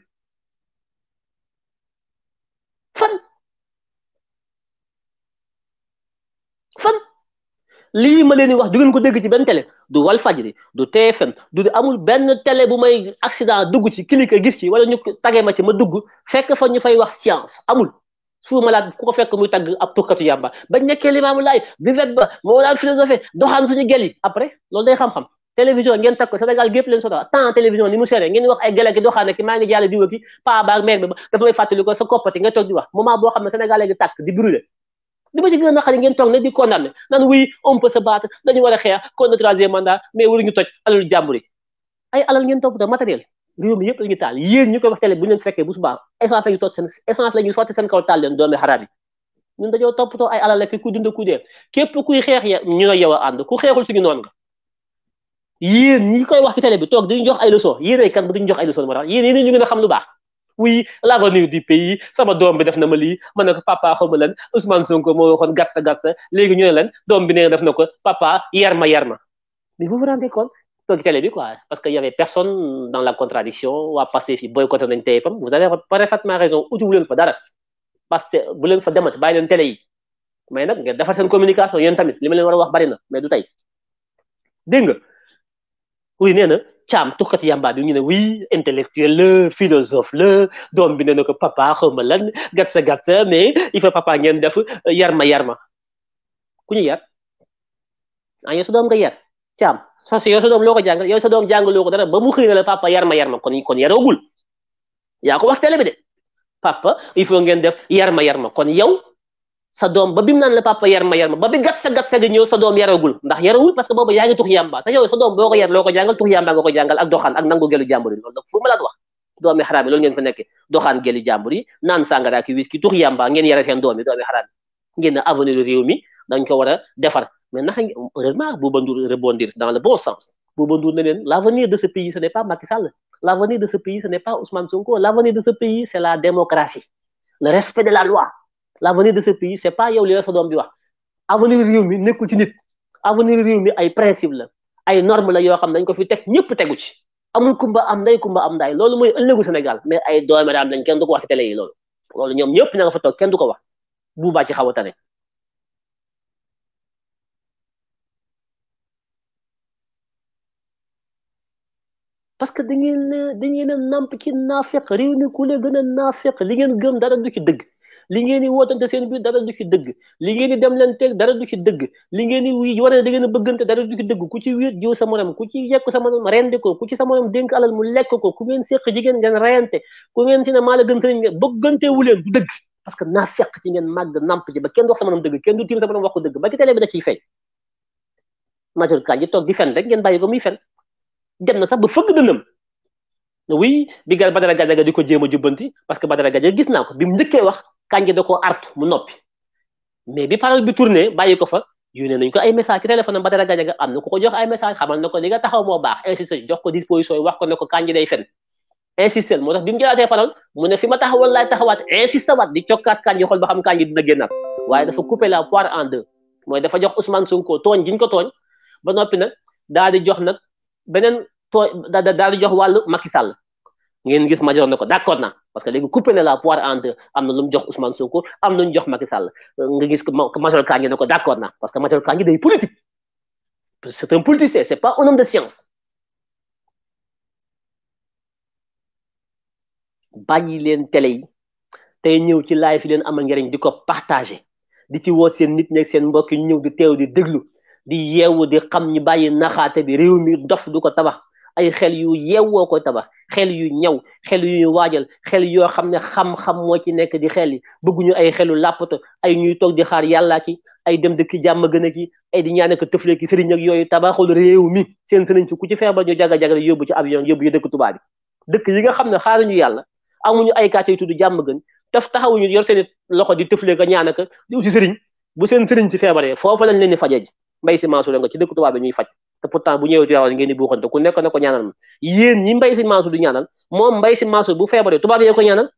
lii ma leen di wax du ngeen ko dégg ci benn télé du Walfadjri du TFM du amul benn télé bu may accident dugg ci cliquer gis ci wala ñu tagee ma ci ma dugg fekk fa ñu fay wax science amul fu malaat ku ko fekk muy tagg ab tukkatu yàmba ba nekkee limaamu laay bi vet ba moo daan philosophé doxaan suñu gel après loolu day xam-xam télévision ngeen takk ko Sénégal gépp leen soto temps télévision ni mu seere ngeen wax ay gele ki doxaan ki maa ne Sénégal léegi tàkk di brûler li ma ci gën a naqari ngeen toog ne di condamné naan oui on peut se dañu war a xeex contre troisième mandat mais waruñu toj alalu jàmbur yi ay alal ngeen topp da matériel réew mi yëpp la taal yéen ko wax télé bu ñu leen fekkee bu subaa essence la ñu toog seen ñi koy wax ci télé bi toog dañu jox jox ay leçon moo tax ñu gën a xam lu baax oui l'avenir du pays sama doom bi def na ma lii ma papa xaw ma Ousmane Sonko mo waxoon gàtsa gàtsa léegi ñu ne lan doom bi nee def nako papa yarma yarma mais vous vous rendez compte toog télé bi quoi parce que y avait personne dans la contradiction waa passé fi boycotté nañ TFM vous avez parfaitement raison utiwu leen fa dara parce que bu leen fa demat bàyyi leen télé yi mais nak nga defar seen communication yeen tamit li ma leen wax bari na mais du tay deng nga oui néna caam tuxkati yàmbaa bi ñu ne oui intellectuel la philosophe la doom bi ne na ko papa xawma lan gàtt sa gàtt mais il faut papa ngeen def euh, yarma yarma ku ñu yar ah yow sa doom nga yar caam sa yow sa doom loo ko jàngal yow sa doom jàngaloo ko dara ba mu xëy na la papa yarma yarma kon kon ko wax télé bi de papa il faut ngeen def yarma yarma kon yow sa dom ba bim nan la papa yar ma yar ba bi gat sa gat sa gi ñëw sa dom yarawul ndax yarawul parce que bobu yaangi tukh yamba te yow sa dom boko yar loko jangal tukh yamba goko jangal ak doxaan ak nangu gelu jàmbur yi loolu donc fu ma la wax domi harami yi ngeen fa nekk doxaan gelu jàmbur nan sangara ki wiski tukh yamba ngeen yare sen domi domi harami ngeen avenir dañ ko wara defar mais nak heureusement Bouba Ndour rebondir dans le bon sens Bouba Ndour ne len l'avenir de ce pays ce n'est pas Macky Sall l'avenir de ce pays ce n'est pas Ousmane Sonko l'avenir de ce pays c'est la démocratie le respect de la loi la l'avenir de ce pays c'est pas yow li la sa doom bi wax avenir réew mi nekkul ci nit avenir réew mi ay principe la ay norme la yoo xam dañ ko fi teg ñëpp tegu ci amul kumba am nday kumba am ndaay loolu mooy ëllëgu Sénégal mais ay doomi daam lañ kenn du ko wax ci télé yi ñoom ñëpp na nga fa toog ko wax buubaa ci xaw a tane parce que da ngeen da ngeen a namp ci naafeq réew mi ku la gën a naafeq li ngeen gëm dara du ci dëgg li ngeen di wootante seen biir dara du ci dëgg li ngeen di dem leen teg dara du ci dëgg li ngeen di dara du ci dëgg ku ci wiir jiw sa ku ci yekk sa rendi ko ku ci sa morom dénk alal mu lekk ko ku ngeen seq jigéen ngeen reyante ku gën sëriñ ngeen bëggante wu leen du dëgg parce que naa seq ci ngeen màgg namp ji ba kenn du wax sa morom dëgg kenn du tiim sa morom wax ko ba ki télé bi da ciy fay major kaa ji toog di fen rek ngeen bàyyi ko muy fen dem na sax ba fëgg dënam oui bi gal Badara a jubbanti parce que Badara Gadiaga gis naa ko bi mu wax kànji da ko artu mu noppi mais bi parole bi tourné bàyyi ko fa yónnee nañu ko ay message ci téléphone am Badara a am na ku ko jox ay message xamal na ko li nga taxaw moo baax insisté jox ko disposition yi wax ko ne ko kànji day fen insisté moo tax bi mu parole mu ne fi ma taxawal laay taxawaat insisté waat di cokkaas kànji xool ba xam kànji dina génnaat waaye dafa coupé la poire en deux mooy dafa jox Ousmane Sonko tooñ giñ ko tooñ ba noppi nag daal di jox nag beneen tooñ daal di jox wàllu Macky Sall ngeen gis Majoro na ko d'accord na parce que léegi coupé na la poire en am na lu mu jox Ousmane Sonko am na lu mu jox Macky Sall nga gis Majoro Kandji ne ko d'accord na parce que Majoro Kandji day politique c'est un politicien c'est pas un homme de science bàyyi leen télé yi tey ñëw ci live yi leen amal njariñ di ko partager di ci woo sen nit ñeeg seen mbokk yi ñëw di tew di déglu di yeewu di xam ñu bàyyi naxaate bi réew mi dof ko tabax ay xel yu yewoo koy tabax xel yu ñëw xel yu ñu waajal xel yoo xam ne xam-xam moo ci nekk di xel yi bëgguñu ay xelu làppato ay ñuy toog di xaar yàlla ki ay dem dëkk jàmm gën a ki ay di ñaan ak tëfle ki sëriñ ak yooyu tabaxul réew mi seen sëriñ ci ku ci feebar ñu jaga jaga yóbbu ci avion yóbbu yu dëkk tubaab bi dëkk yi nga xam ne xaaruñu yàlla amuñu ay kàcce yu tudd jàmm gën taf taxawuñu yor seen loxo di tëfle ka ñaan ak di ci sëriñ bu seen sëriñ ci feebaree foofu lañ leen di faje ji mbay si Mansour nga ci dëkk tubaab bi ñuy faj te pourtant bu ñëwee Tiwaawan ngeen di buuxante ku nekk na ko ñaanal yéen ñi Mbaye Sine Mansour di ñaanal moom Mbaye Sine Mansour bu feebaree tubaab yee ko ñaanal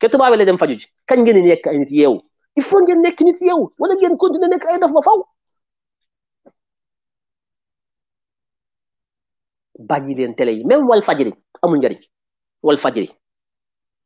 ke tubaab yi dem faju ji kañ ngeen nekk ay nit yeewu il faut ngeen nekk nit yeewu wala ngeen continuer nekk ay dof ba faw bàyyi leen télé yi même wal fajri amul njariñ wal fajri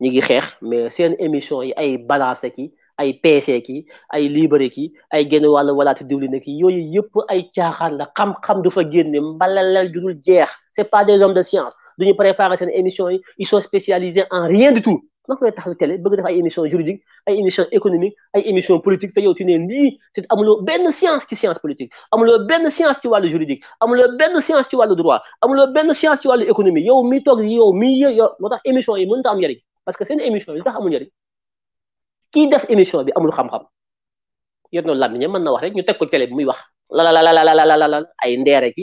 ñi ngi xeex mais seen émission yi ay balancé ki ay PC ki ay libre ki ay génn wàllu walaati diwlin ki yooyu yëpp ay caaxaan la xam-xam du fa génne mbalalal ju dul jeex c'est pas des hommes de science duñu préparer seen émission yi ils sont spécialisés en rien du tout ndax koy taxal télé bëgg def ay émission juridique ay émission économique ay émission politique te yow tu ne lii te amuloo benn science ci science politique amuloo benn science ci wàllu juridique amuloo benn science ci wàllu droit amuloo benn science ci wàllu économie yow mi toog yow mi yow moo tax émission yi mënut a am njëriñ parce que seen émission yi tax amul njëriñ kii def émission bi amul xam-xam yor na làmmiñam mën na wax rek ñu teg ko télé bi muy wax la ay ndeere ki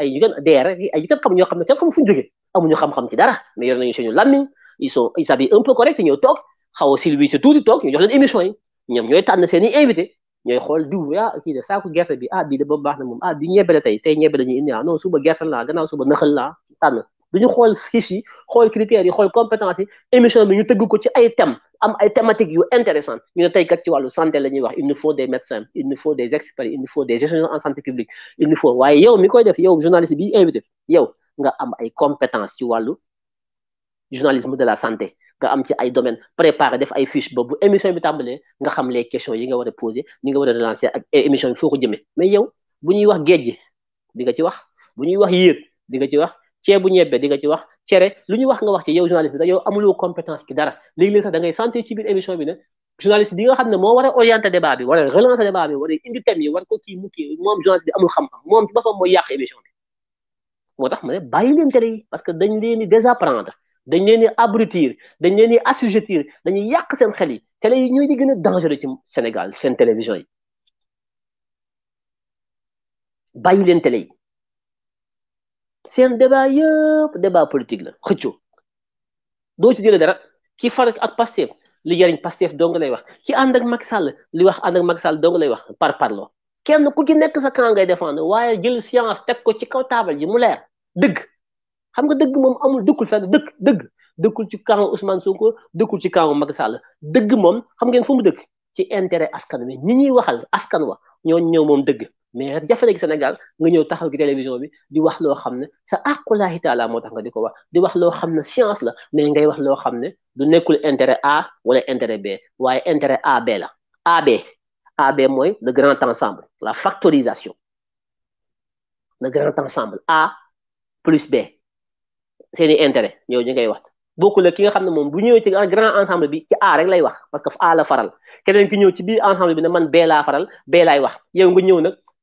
ay yu gën deere ki ay yu gën xam ñoo xam ne kenn xam fuñu jógee amuñu xam-xam ci dara mais yor nañu suñu làmmiñ so sont ils s'habillent un peu correct ñoo toog xaw a silvi si tuuti toog ñu jox leen émission yi ñoom ñooy tànn seen i invité ñooy xool diw ah kii de saako gerte bi ah bii de ba baax na moom ah bi ñebele tey tey ñebele ñu indi ah non suba gerte laa gannaaw suba nëxal laa tànn dañu xool fiche yi xool critères yi xool compétence yi émission bi ñu tëgg ko ci ay thèmes am ay thématiques yu intéressantes ñu ne tey kat ci wàllu santé la ñuy wax il nous faut des médecins il nous faut des experts il nous faut des gestionnaires en santé publique il nous faut waaye yow mi koy def yow journaliste bi invité yow nga am ay compétences ci wàllu journalisme de la santé nga am ci ay domaines préparé def ay fiche ba bu émission bi tàmbalee nga xam les questions yi nga war a poser ni nga war a relancer ak émission bi foo ko jëmee mais yow bu ñuy wax géej di nga ci wax bu ñuy wax yéet di nga ci wax ceebu ñebbe di nga ci wax cere lu ñu wax nga wax ci yow journaliste bi yow amuloo compétence ci dara léegi-léegi sax da ngay ci biir émission bi ne journaliste bi xam ne moo war a orienté débat bi war a relancer débat a indi thème yi war ko kii mu kii moom journaliste bi amul xam-xam moom ci boppam mooy yàq émission bi moo tax ma ne bàyyi leen télé yi parce que dañ leen di désapprendre dañ leen di abrutir dañ leen di assujettir dañuy yàq seen xel yi télé yi ñooy di gën a dangereux ci Sénégal seen télévision yi bàyyi leen télé yi seen débat yëpp débat politique la xëccoo doo ci jëlee dara ki far ak Pastef li jariñ Pastef dong lay wax ki ànd ak Macky Sall li wax ànd ak Macky Sall dong lay wax par parloo kenn ku ci nekk sa camp ngay défendre waaye jël science teg ko ci kaw taabal ji mu leer dëgg xam nga dëgg moom amul dëkkul fenn dëgg dëgg dëkkul ci camp Ousmane Sonko dëkkul ci camp Macky Sall dëgg moom xam ngeen fu mu dëkk ci intérêt askan wi ñi ñuy waxal askan wa ñoo ñëw moom dëgg mais jafe na gi Sénégal nga ñëw taxaw ci télévision bi di wax loo xam ne sa àqulaahi taala moo tax nga di ko wax di wax loo xam ne science la mais ngay wax loo xam ne du nekkul intérêt A wala intérêt B waaye intérêt AB la a AB mooy le grand ensemble la factorisation le grand ensemble A plus B seeni intérêt ñëw ñu ngay wax bokkul ak ki nga xam ne moom bu ñëwee ci grand ensemble bi ci A rek lay wax parce que A la faral keneen ki ñëw ci biir ensemble bi ne man B laa faral B laay wax yow nga ñëw nag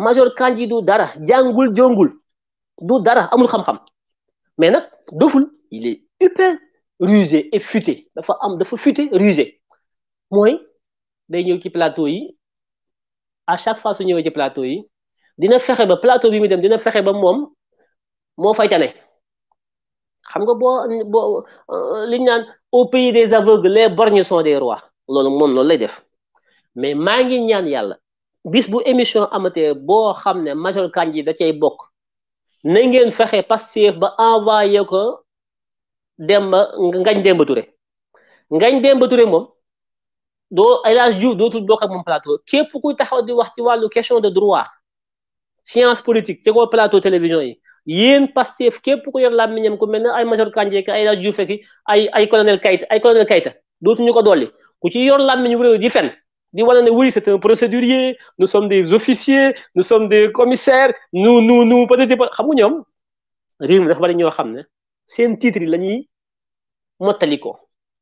major Kandji dara Djangoul, jongul du dara amul xam-xam mais doful il est hyper rusé et futé dafa am dafa futé rusé moy day ñëw ci plateau à chaque fois su je ci plateau yi dina ba plateau bi mi dem dina fexé ba mom moi fay tane xam nga euh, au pays des aveugles les borgnes sont des rois lay def mais ma ngi ñaan bis bu émission amatee boo xam ne Major Kandji da cay bokk na ngeen fexe Pastef ba envoyé ko Demba Ngagne Demba Touré dembature Demba Touré moom doo El Hadj Diouf dootul bokk ak moom plateau képp kuy taxaw di wax ci wàllu question de droit science politique te ko plateau télévision yi yéen Pastef képp ku yor làmmiñam ku mel ne ay Major Kandji ay El Hadj Diouf fekk ay ay colonel Kayta ay colonel Kayta dootuñu ko dolli ku ci yor làmmiñ réew di fen dit oui, c'est un procédurier, nous sommes des officiers, nous sommes des commissaires, nous, nous, nous, peut-être pas. Xam nga ñoom dafa bari ñoo xam seen titre lañuy motaliko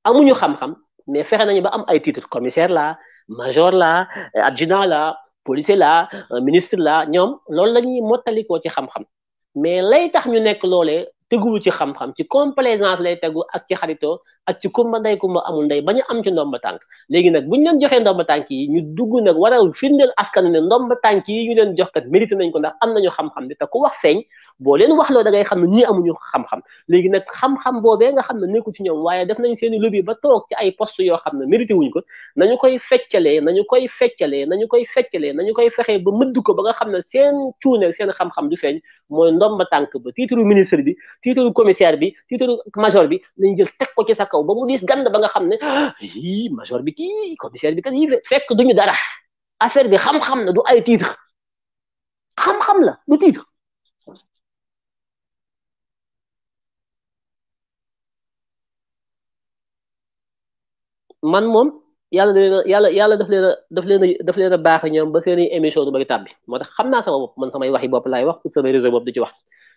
amuñu xam-xam mais fexé nañu ba am ay titre commissaire là major là adjudant là policier là ministre là ñom loolu lañuy motaliko ci xam-xam mais lay tax ñu nek lolé teguwul ci xam-xam ci complaisance lay tegu ak ci xaritoo ak ci kumba ndey kumba amul ndey ba ñu am ci ndom ba tànk léegi nag bu ñu leen joxee ndomba tànk yi ñu dugg nag war a firndeel askan ne ndomba tànk yi ñu leen jox kat mérité nañ ko ndax am na nañu xam-xam bi ta ku wax feeñ bo len wax loo da ngay xam ne amunu amuñu xam-xam legi nak xam-xam bobé nga xam neeku ci ñoom waye def nañ seen lobby ba tok ci ay poste yo xam mérité wuñ ko nañu koy feccalé nañu koy feccalé nañu koy feccalé nañu koy fexé ba mudd ko ba nga xam seen cuune seen xam-xam du feeñ mooy ndomba tànk ba titre ministre bi titre commissaire bi titre major bi nañ jël tek ko ci sa kaw ba mu diis gànd ba nga xam yi major bi ki commissaire bi kan yi fekk duñu dara affaire bi xam-xam na du ay titre xam-xam la du titre man moom yàlla da leen yàlla yàlla daf leen a daf leen a daf leen a baax ñoom ba seen émission du bëri tàbbi moo tax xam naa sama bopp man samay waxi bopp laay wax ut samay réseau bopp di ci wax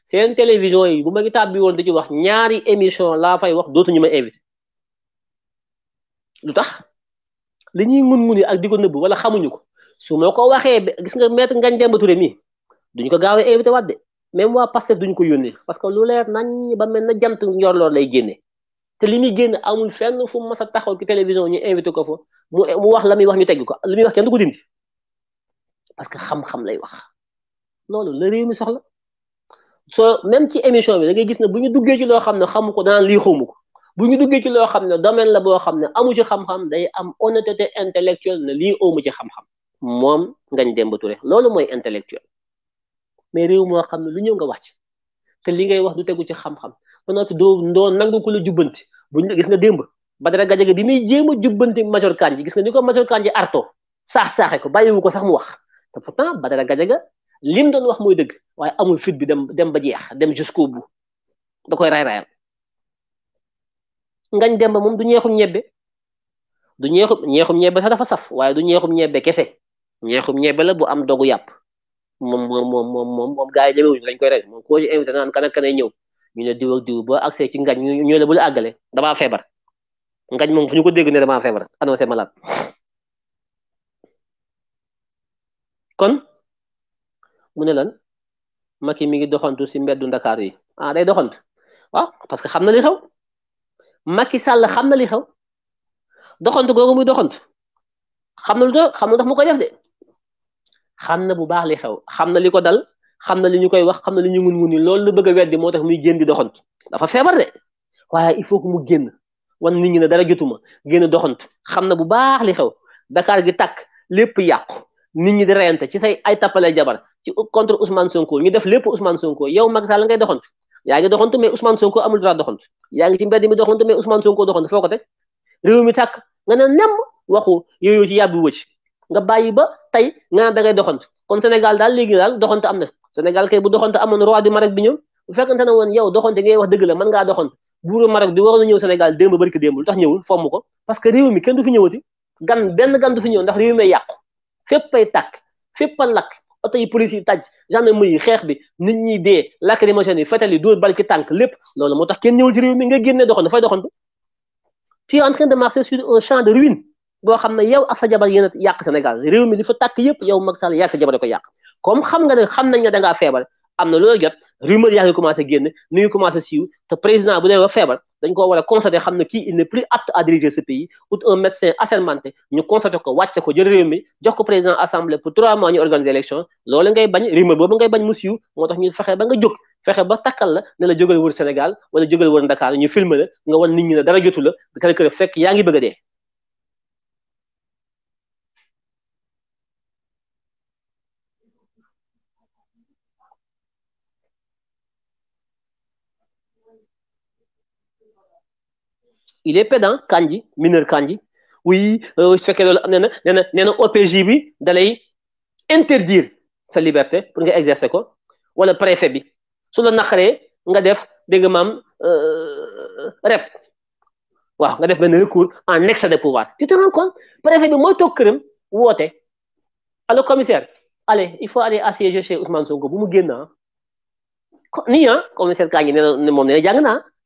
seen télévision yi bu ma ngi tàbbi woon di ci wax ñaari émission laa fay wax dootuñu ma invité lu tax li ñuy ngun-ngun yi ak di ko nëbb wala xamuñu ko su moo ko waxee gis nga maître Ngagne Demba Touré mii duñu ko gaaw a invité waat de même waa Pastef duñu ko yónnee parce que lu leer nañ ba mel na jant njorloor lay génnee te li muy génn amul fenn fu mu mas a taxaw ci télévision ñu invité ko fa mu mu wax la muy wax ñu teg ko lu muy wax kenn du ko dindi parce que xam lay wax loolu la réew mi soxla soo même ci émission bi da ngay gis ne bu ñu duggee ci loo xam ne xamu ko daan li xamu bu ñu duggee ci loo xam ne domaine la boo xam ne amu ci xam-xam day am honnêteté intellectuelle ne li amu ci xam-xam moom Ngagne Demba Touré loolu mooy intellectuel mais réew moo xam ne lu ñëw nga wax ci te li ngay wax du tegu ci xam-xam ba noppi doo doo nangu ko la jubbant buñ gis nga démb Badara Gadiaga bi muy jéem a jubbanti Major Kandji gis nga ni ko Major Kandji arto sax saaxe ko bàyyiwu ko sax mu wax te pourtant Badara Gadiaga lim doon wax mooy dëgg waaye amul fit bi dem dem ba jeex dem jusqu'au bout da koy raay raayal ngañ dem ba moom du ñeexum ñebbe du ñeexum ñeexum ñebbe sax dafa saf waaye du ñeexum ñebbe kese ñeexum ñebbe la bu am dogu yàpp moom moom moom moom moom gars yi ñemewuñu lañ koy rek moom koo ci invité naan kan ak ñu ne diw ak diw boo accès ci ngañ ñu ñu la bul àggale damaa feebar ngañ moom fu ñu ko dégg ne damaa feebar annoncé malade kon mu ne lan Macky mi ngi doxantu si mbeddu Ndakaar yi ah day doxantu waaw parce que xam na li xew Macky Sall xam na li xew doxantu googu muy doxantu xam na lu xam na tax mu koy def de xam na bu baax li xew xam na li ko dal. xam na li ñu koy wax xam na li ñu ngun nguni loolu la bëgg a weddi moo tax muy génn di doxant dafa feebar de waaye il faut que mu génn wan nit ñi ne dara jotuma génn doxant xam na bu baax li xew Dakar gi tàkk lépp yàqu nit ñi di reyante ci say ay tappale jabar ci contre Ousmane Sonko ñu def lépp Ousmane Sonko yow Macky Sall ngay doxant yaa ngi doxantu mais Ousmane Sonko amul droit doxantu yaa ngi ci mbedd mi doxantu mais Ousmane Sonko doxantu foo ko teg réew mi takk nga ne nem waxu yooyu ci yàbbi wëcc nga bàyyi ba tey nga ne da ngay kon Sénégal daal léegi daal doxantu am na Sénégal kay bu doxante amoon roi du Maroc bi ñëw bu fekkante ne woon yow doxante ngay wax dëgg la mën ngaa doxante buuru Sénégal démb barki démb lu tax ñëwul ko parce que réew mi kenn du gan benn gan du fi ñëw ndax réew mi yàqu fépp ay tàkk a lakk oto yi police yi taj gendarmerie yi xeex bi nit ñi dee lacrymogène yi fetal yi dóor bal ki tànk lépp loolu moo tax kenn ñëwul ci réew mi nga génne doxante fay doxante tu es en train boo xam ne yow ak sa jabar yéen a yàq mi li fa tàkk yëpp yow Macky sa jabar ko yàq comme xam nga ne xam nañ ne da nga feebar am na loola jot rumeur yaa ngi commencé génn ni ngi commencé siiw te président bu dee ba feebar dañ ko war a constaté xam ne kii il plus apte à ce pays ut médecin assermenté ñu constaté ko wàcce ko jël réew mi jox ko président assemblée pour trois mois ñu organiser élection loolu ngay bañ rumeur boobu ngay bañ mu siiw moo tax ñu fexe ba nga jóg fexe ba takkal la ne la jógal wër Sénégal wala jógal wër ñu filmer la nga wan nit ñi jotu la fekk yaa ngi bëgg a il est pédant Kandji mineur Kandji oui euh, su que le am na nee na OPJ bi da interdire sa liberté pour nga exercer ko wala préfet bi su la naqaree nga def dégg maam euh, rep waaw nga def recours en excès de pouvoir tu te rends compte préfet bi mooy toog këram woote Alors, commissaire allez il faut aller assiéger chez Ousmane Sonko bu mu génn ah, ah commissaire kanji ne moom nee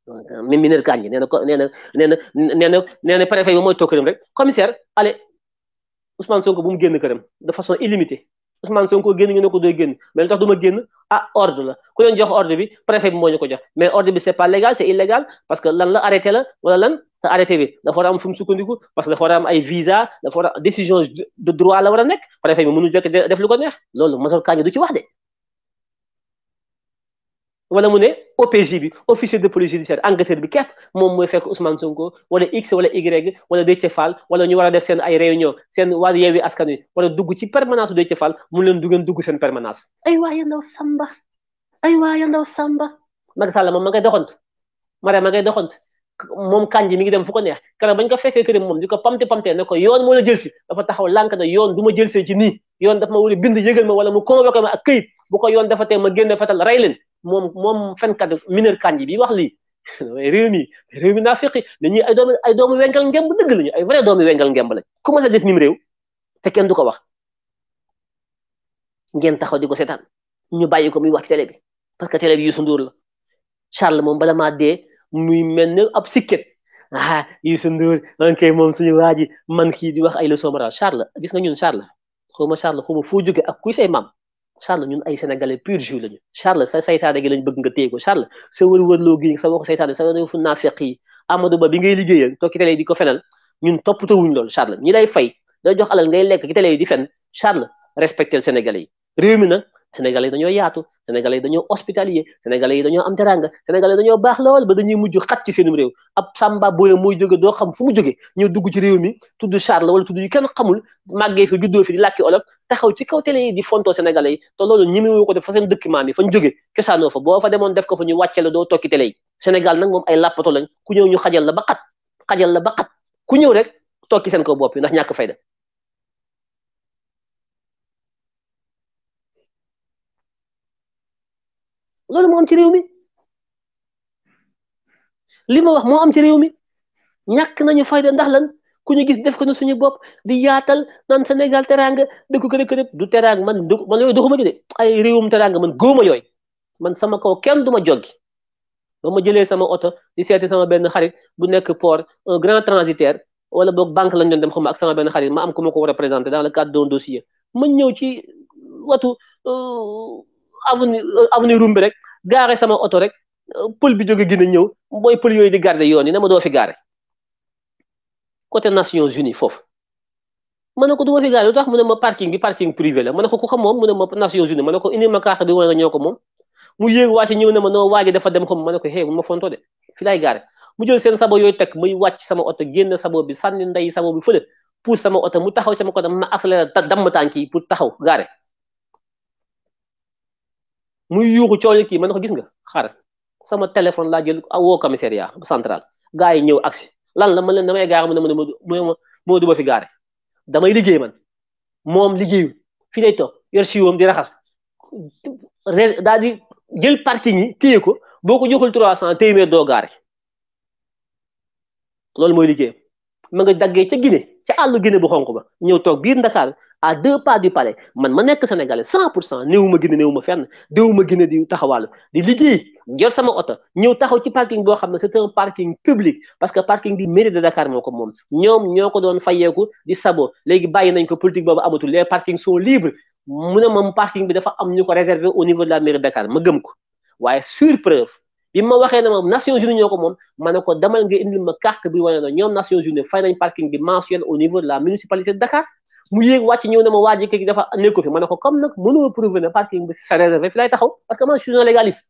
mi mineur Kandji nee na ko nee na nee na nee na nee na préfet bi mooy toog këram rek commissaire allez Ousmane Sonko bu mu génn këram de façon illimitée Ousmane Sonko génn ñu ne ko doy génn mais lu tax du a génn ah la ku leen jox ordre bi préfet bi moo ñu ko jox mais ordre bi c'est pas légal c'est illégal parce que lan la arrêté la wala lan te arrêté bi dafa war a am fu parce que dafa war am ay visa dafa war a décision de droit la war a nekk préfet bi mënu jokk def ko neex loolu Mansour Kandji du ci wax de mu ne. OPJ bi officier de police judiciaire enquêteur bi képp moom mooy fekk Ousmane Sonko wala X wala Y wala Déthié Fall wala ñu war a def seen ay réunion seen waa Yewwi Askan Wi wala dugg ci permanence su Déthié Fall mu leen du ngeen dugg seen permanence. ay waa yandaw Samba ay waa yandaw Samba Macky Sall moom ma ngay doxantu Marème ma ngay doxantu moom Kandji mi ngi dem fu neex keroog bañ ko fekkee këram moom di ko pamte pamte ne ko yoon moo la jël si dafa taxaw lànk na yoon du ma jël bind wala mu convoqué ma ak këyit bu ko yoon dafa tee ma génne fetal rey leen moom moom fenkat mineur kanji bi wax lii *laughs* réew mi réew mi naa feqi dañuy ay doomi ay doomu wengal ngemb lañu ay vrai doomi wengal ngemb lañ ku mas a gis mim réew te kenn du ko wax ngeen taxaw di ko seetaan ñu bàyyi ko muy wax ci télé bi parce que télé bi Youssou Ndour la Charles moom bala maa dee muy mel ne ab sikket ah Youssou Ndour ok moom suñu waa ji man kii di wax ay leçon morale Charles gis nga ñun Charles xaw ma Charles xaw ma foo jóge ak kuy say Charles ñun ay sénégalais pur jus lañu Charles sa saytaane gi lañ bëgg nga téye ko Charles sa wër-wërloo gi sa waxu saytaane sa wër fu naafeq yi Amadou Ba bi ngay liggéeyal toog ci télé di ko fenal ñun toppatoo wuñ loolu Charles ñi lay fay day jox alal ngay lekk ci télé di fen Charles respecté sénégalais yi sénégalais yi dañoo yaatu sénégalais yi dañoo hospitalier sénégalais yi dañoo am teranga sénégalais yi dañoo baax lool ba dañuy mujj xat ci seenum réew ab samba boye mooy jóge doo xam fu mu jóge ñëw dugg ci réew mi tudd Charles wala tudd yu kenn xamul màggee fi juddoo fi di làkki olof taxaw ci kaw télé yi di fontoo sénégalais yi te ko def fa seen dëkk maam yi fañ jóge cosaanoo fa boo fa demoon def ko fa ñu wàcce la doo tokki télé yi sénégal nag moom ay làppato lañ ku ñëw ñu xajal la ba xat xajal la ba ku ñëw rek tokki seen ko bopp yi ndax ñàkk fay fayda loolu moo am ci réew mi li ma wax moo am ci réew mi ñàkk nañu fayda ndax lan ku ñu gis def ko ne suñu bopp di yaatal naan Sénégal teraanga dëkk kërëb kërëb du teraanga man du man yooyu doxuma ci de ay réewum teraanga man góoma man sama kow kenn du ma joggi ba ma jëlee sama oto di seeti sama benn xarit bu nekk port un grand transitaire wala boog banque lañ doon dem xaw ak sama benn xarit ma am ku ko war a présenter dans le cadre d'un dossier man ñëw ci watu. Euh, avenue euh, avenue Rumbi rek gaare sama oto rek euh, pël bi jóge gën a ñëw mooy pël yooy di garder yoon yi ne ma doo fi gaare côté Nations Unies foofu ma ne ko du ma fi gaare lu tax mu ne parking bi parking privé la ma ko ku xam moom mu ne ma Nations Unies ko moom mu yéeg wàcc ñëw ne ma noo waaji dafa dem xam ma ne ko xëy mu ma fonto de fi laay mu jël seen sabo yooyu teg muy wàcc sama oto génn sabo bi sànni ndey sabo bi fële pour sama oto mu taxaw sama ko ma accéléré damm tànk yi pour taxaw gaare muy yuuxu coono kii man na ko gis nga xaar sama téléphone laa jël woo commissariat central gars yi ñëw aksi lan la ma leen damay gaar mu ne ma ne moo du ma fi gaare damay liggéey man moom liggéeyu fi lay toog di raxas daal di jël parti ñi téye ko boo ko joxul trois cent téeméer doo gaare loolu mooy liggéey ma nga daggee ca Guinée ci àllu Guinée bu xonk ba ñëw toog biir Ndakaar à deux pas du palais man ma nekk sénégalais cent pour cent néewu ma Guinée néewu ma fenn déewu ma Guinée di taxawàllu di liggéey jor sama oto ñëw taxaw ci parking boo xam ne c'est un parking public parce que parking bi mairie de Dakar moo ko moom ñoom ñoo ko doon fayeeku di sabo léegi bàyyi nañ ko politique boobu amatul les parkings sont libres mu ne moom parking bi dafa am ñu ko réservé au niveau de la mairie de ma gëm ko waaye bi ma na mom moom Nations Unies ñoo ko moom ma ko demal nga indil ma carte bi wone na ñom Nations Unies fay nañ parking bi mensuel au niveau de la municipalité de Dakar mu yéeg wacc ñew na ma waji ji dafa nekku fi ma ko comme nak mënoo prouver na parking bi c'est réservé fi lay taxaw parce que man je suis un légaliste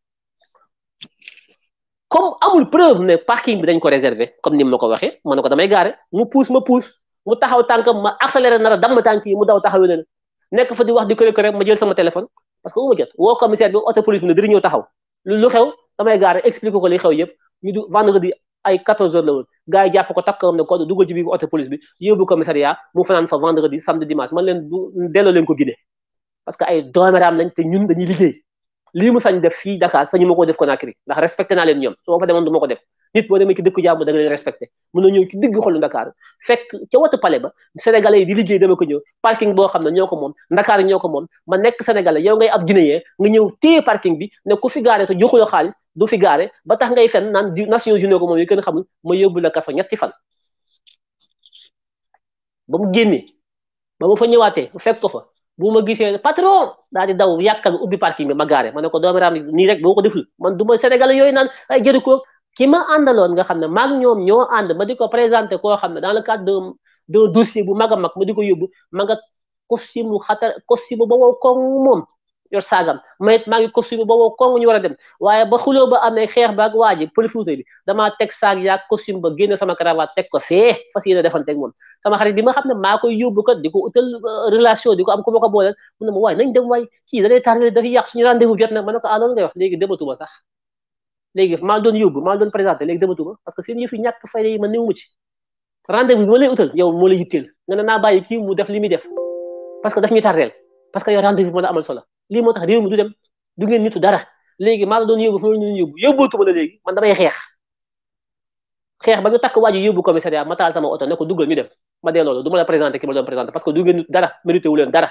comme amul preuve ne parking bi dañ ko réservé comme nim mako ko waxee ko damay gaare mu pousse ma pousse mu taxaw tànkam ma accéléré na a damm tànk mu daw taxaw leen nekk fa di wax di këré rek ma jël sama téléphone parce que wu ma jot wo commissaire bi auto police bi ne diri ñëw taxaw lu xew damay gaare expliqué ko li xew yëpp ñu du ay 14 heures la woon gars yi jàpp ko takkawam ne ko dugal ci biir oto police bi yóbbu commissariat mu fanaan fa vendredi samedi dimanche man leen du delloo leen ko Guinée parce que ay doomeraam lañ te ñun dañuy liggéey lii mu sañ def fii Dakar sañu ma ko def Conakry ndax respecté naa leen ñoom su ma fa demoon du ma ko def nit boo demee ci dëkku jàmm da nga leen respecté mën na ñëw ci digg xolu Ndakaaru fekk ca watu pale ba sénégalais yi di liggéey dama ko ñëw parking boo xam ne ñoo ko moom Ndakaar ñoo ko moom ma nekk sénégalais yow ngay ab guinéen ñëw téye parking bi ne ku fi gaare te joxu la xaalis du fi gaare ba tax ngay fen naan Nations Unies ko moom yi kenn xamul ma yóbbu la kaso ñetti fan ba mu génnee ba ma fa ñëwaatee fekk fa bu ma gisee patron daal di daw yàkkal ubbi parking bi ma gaare ma ne ko doomi raam nii rek boo ko deful man du ma sénégalais yooyu naan ay jëri ko ki ma àndaloon nga xam ne maag ñoom ñoo ànd ma di ko présenté koo xam ne dans le cadre d'un d'un dossier bu mag a ma di ko yóbbu ma nga costume xatar costume ba wow koŋ moom yor saagam mayit maa ngi costume ba wow koŋ ñu a dem waaye ba xuloo ba amee xeex ba ak waa ji polifuute bi damaa teg saag yaag costume ba génne sama cravate teg ko fee fas yéene defante ak moom sama xarit bi xam ne maa koy yóbbu kat di ko utal euh, relation di ko am ku ma ko booleel mu ne ma waaye nañ dem waay kii da lay tardé dafay yàq léegi maa doon yóbbu maa doon présenté léegi dematuma parce que seen yëf yi ñàkk ma ci rendez-vous bi ma lay utal yow moo lay yitteel nga ne naa bàyyi def li muy def parce que daf ñuy tardeel parce que yow rendez-vous amal solo lii moo tax réew mi dem du ngeen dara léegi maa la doon yóbbu foofu ñu yóbbu yóbbootuma la léegi man damay xeex xeex ba ñu takk waa ji yóbbu commissariat ma taal sama oto ne ko duggal dem ma dee leen dara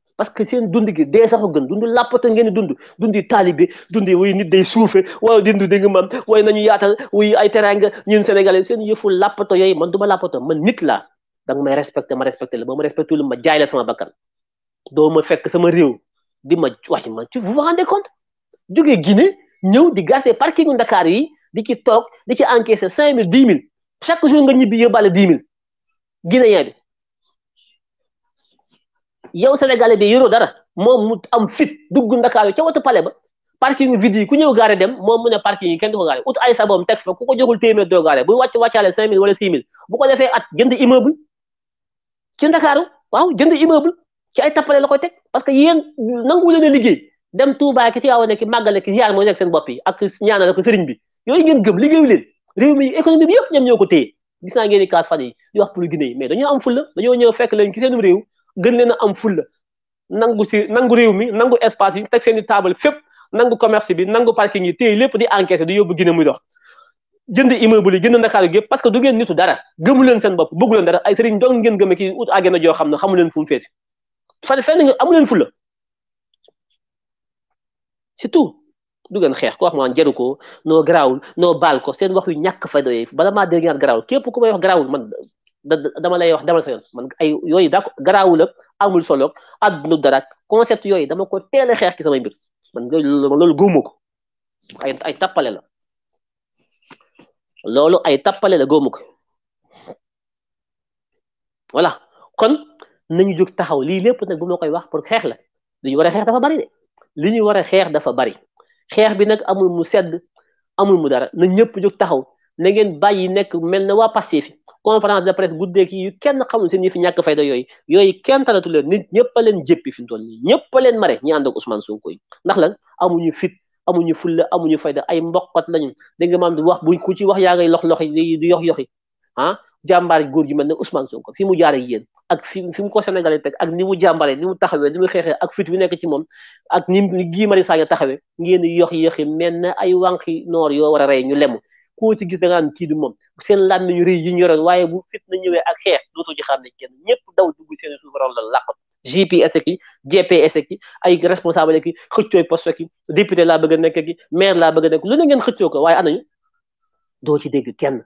parce que seen dund gi dee sax gën dund làppata ngeen di dund dundi taalibe dundi wuy nit day suufe waaw dund dégg maam waaye nañu yaatal wuy ay teranga ñun sénégalais seen yëfu làppato yooyu man du ma làppato man nit laa da may respecté ma respecté la ba ma respecté lu ma jaay la sama bakkan doo ma fekk sama réew di ma wàcc ma ci vous vous rendez compte jógee Guinée ñëw di gasee parkingu Dakar yi di ci toog di ci encaissé cinq mille dix mille chaque jour nga ñibbi yóbbaale dix mille guinéen yow sénégalais bi yoroo dara moom mu am fit dugg ndakaaru ca watu pale ba parking vide yi ku ñëw gaare dem moom mu ne parking yi kenn du ko gaare ut ay saboom teg fa ku ko joxul téeméer doo gaare bu wàcc wàccaale cinq mille wala six mille bu ko defee at jënd immeuble ci ndakaaru waaw jënd immeuble ci ay tappale la koy teg parce que yéen nangu leen a liggéey dem Touba ki Tiwaawan ki màggale ki ziar mooy nekk seen bopp yi ak ñaanal ko bi yooyu ngeen gëm liggéeyu leen réew mi économie naa ngeen di kaas fan yi dañoo am fulla dañoo leen ci gën leen a am fulla nangu si nangu réew mi nangu espace yi teg seen i table fépp nangu commerce bi nangu parking yi téye lépp di encaissé di yóbbu Guinée muy dox jënd immeuble yi jënd Ndakaaru gépp parce que du ngeen nitu dara gëmu leen seen bopp bëggu leen dara ay sëriñ doon ngeen gëme kii ut àggena joo xam ne xamu leen fu mu féete cest surtout du ngeen xeex ko wax ma jaru ko noo garaawul noo baal ko seen wax yu ñàkk fayda yooyu bala maa dégg ñaar garaawul képp ku may wax garaawul man dama lay wax demal sa yoon man ay yooyu daa garaawul amul solo ak nu dara concept yooyu dama ko teel a xeex ci samay mbir man loolu loolu góomu ko ay ay tappale la loolu ay tappale la góomu ko voilà kon nañu jóg taxaw lii lépp nag bu ma koy wax pour xeex la li ñu war a xeex dafa bari li ñu war a xeex dafa bari xeex bi nag amul mu sedd amul mu dara na ñëpp jóg taxaw na ngeen bàyyi nekk mel ne waa Pastef conférence de presse guddeeg yu kenn xamul seen ñi fi ñàkk fayda yooyu yooyu kenn talatu leen nit ñëpp leen jéppi fi mu toll nii ñëpp a leen mare ñi ànd ak Ousmane Sonko yi ndax lan amuñu fit amuñu fulla amuñu fayda ay mboqat lañu dégg nga maam di wax bu ku ci wax yaa ngay lox loxi di yox yoxi ah jàmbaar góor gi mel ne Ousmane Sonko fi mu jaar ak yéen ak fi fi ko Sénégalais teg ak ni mu jàmbaaree ni mu taxawee ni mu xeexee ak fit bi nekk ci moom ak ni Guy Marius Sagna taxawee ngeen yox yoxi mel ne ay wànqi noor yoo war a rey ñu lemu koo ci gis da kii du moom seen làmmiñ yu rëy yi ñu yoroon waaye bu fitna ñëwee ak xeex dootoo ci xam ne kenn ñëpp daw dugg seen suuf raw la làqat GPS ki GPS ki ay responsable ki xëccooy poste ki député laa bëgg a nekk ki maire laa bëgg a nekk lu ne ngeen xëccoo ko waaye anañu doo ci dégg kenn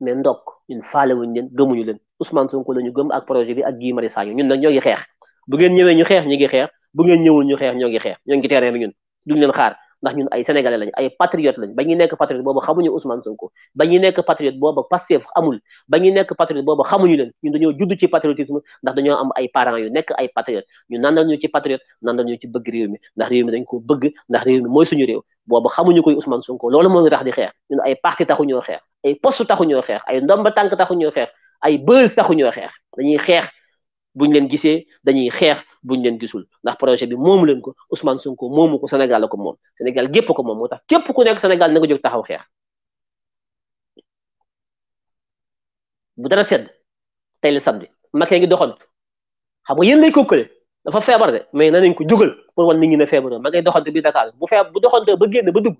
mais ndokk ñun faalewuñu leen gëmuñu leen Ousmane Sonko la ñu gëm ak projet bi ak Guy Marius Sagna ñun ñoo ngi xeex bu ngeen ñëwee ñu xeex ñu ngi xeex bu ngeen ñëwul ñu xeex ñoo ngi xeex ñoo ngi terrain bi leen xaar ndax ñun ay sénégalais lañ ay patriote lañ ba ñu nekk patriote boobu xamuñu Ousmane Sonko ba ñu nekk patriote boobu Pastef amul ba ñu nekk patriote boobu xamuñu leen ñun dañoo judd ci patriotisme ndax dañoo am ay parents yu nekk ay patriote ñu nandal ñu ci patriote nandal ñu ci bëgg réew mi ndax réew mi dañ ko bëgg ndax réew mi mooy suñu réew boobu xamuñu koy Ousmane Sonko loolu moo ngi tax di xeex ñun ay parti taxuñoo xeex ay poste taxuñoo xeex ay ndomba tànk taxuñoo xeex ay bës taxuñoo xeex dañuy xeex buñ leen gisee dañuy xeex buñ leen gisul ndax projet bi moomu leen ko Ousmane Sonko moomu ko Sénégal la ko moom Sénégal gépp ko moom moo tax képp ku nekk Sénégal na nga jóg taxaw xeex bu dara sedd tey la samedi Macky ngi doxantu xam nga yéen lay kokkale dafa feebar de mais na nañ ko jógal pour wan nit ñi ne feebar ma ngay doxantu bi Dakar bu feeb bu doxantoo ba génn ba dugg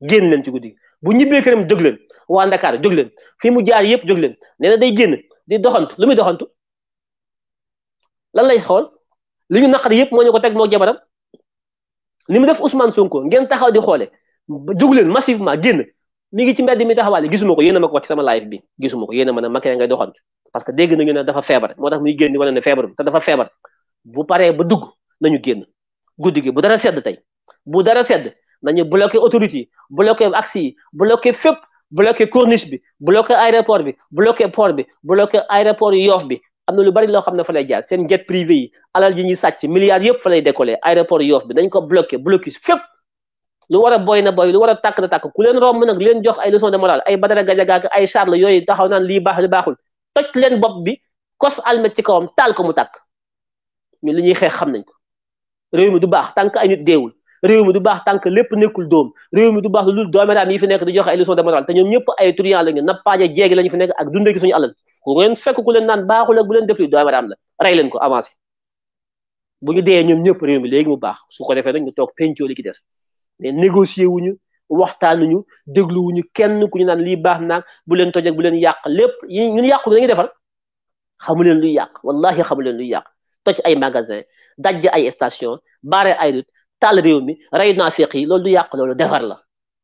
génn leen ci guddi bu ñibbee këram jóg leen waa Dakar jóg leen fi mu jaar yëpp jóg leen nee na day génn di doxantu lu muy doxantu lan lay xool li ñu naqari yëpp moo ñu ko teg moo jabaram li mu def Ousmane Sonko ngeen taxaw di xoole jóg leen massivement génn mi ngi ci mbedd mi taxawaale gisuma ko yéen a ko wax ci sama live bi gisuma ko yéen a ma ne ngay doxantu parce que dégg nañu ne dafa feebar moo tax muy génn di wane ne feebar te dafa feebar bu paree ba dugg nañu génn guddi gi bu dara sedd tey bu dara sedd nañu bloqué autorité yi bloqué accès yi bloqué fépp bloqué corniche bi bloqué aéroport bi bloqué port bi bloqué aéroport yu yoof bi am na lu bari loo xam ne fa lay jaar seen jet privé yi alal yi ñuy sàcc milliards yëpp fa lay décoller aéroport Yoff bi dañ ko bloqué blocus fépp lu war a boy na boy lu war a tàkk na tàkk ku leen romb nag leen jox ay leçon de morale ay Badara Gadiaga ak ay Charles yooyu taxaw naan lii baax li baaxul toj leen bopp bi kos almet ci kawam taal ko mu tàkk ñun li ñuy xeex xam nañ ko réew mi du baax tant que ay nit deewul réew mi du baax tànk lépp nekkul dóom réew mi du baax lu dooméraam yi fi nekk di joxe ay leçon de morale te ñoom ñëpp ay truand la ñu nappaaje jéegi la ñu fi nekk ak dundee gi suñu alal ku leen fekk ku leen bu ñu dee ñoom ñëpp réew mi léegi mu baax su ko defee nag ñu toog pencoo li ki des mais négocier wuñu waxtaanuñu dégluwuñu kenn ku ñu naan lii baax naag bu leen toj ak bu leen yàq lépp ñun yàqu gi dañuy defar xamu leen luy yàq wallahi xamu leen luy yàq toj ay magasin dajj ay station bare ay route taal réew mi rey naafiq yi loolu du yàq loolu defar la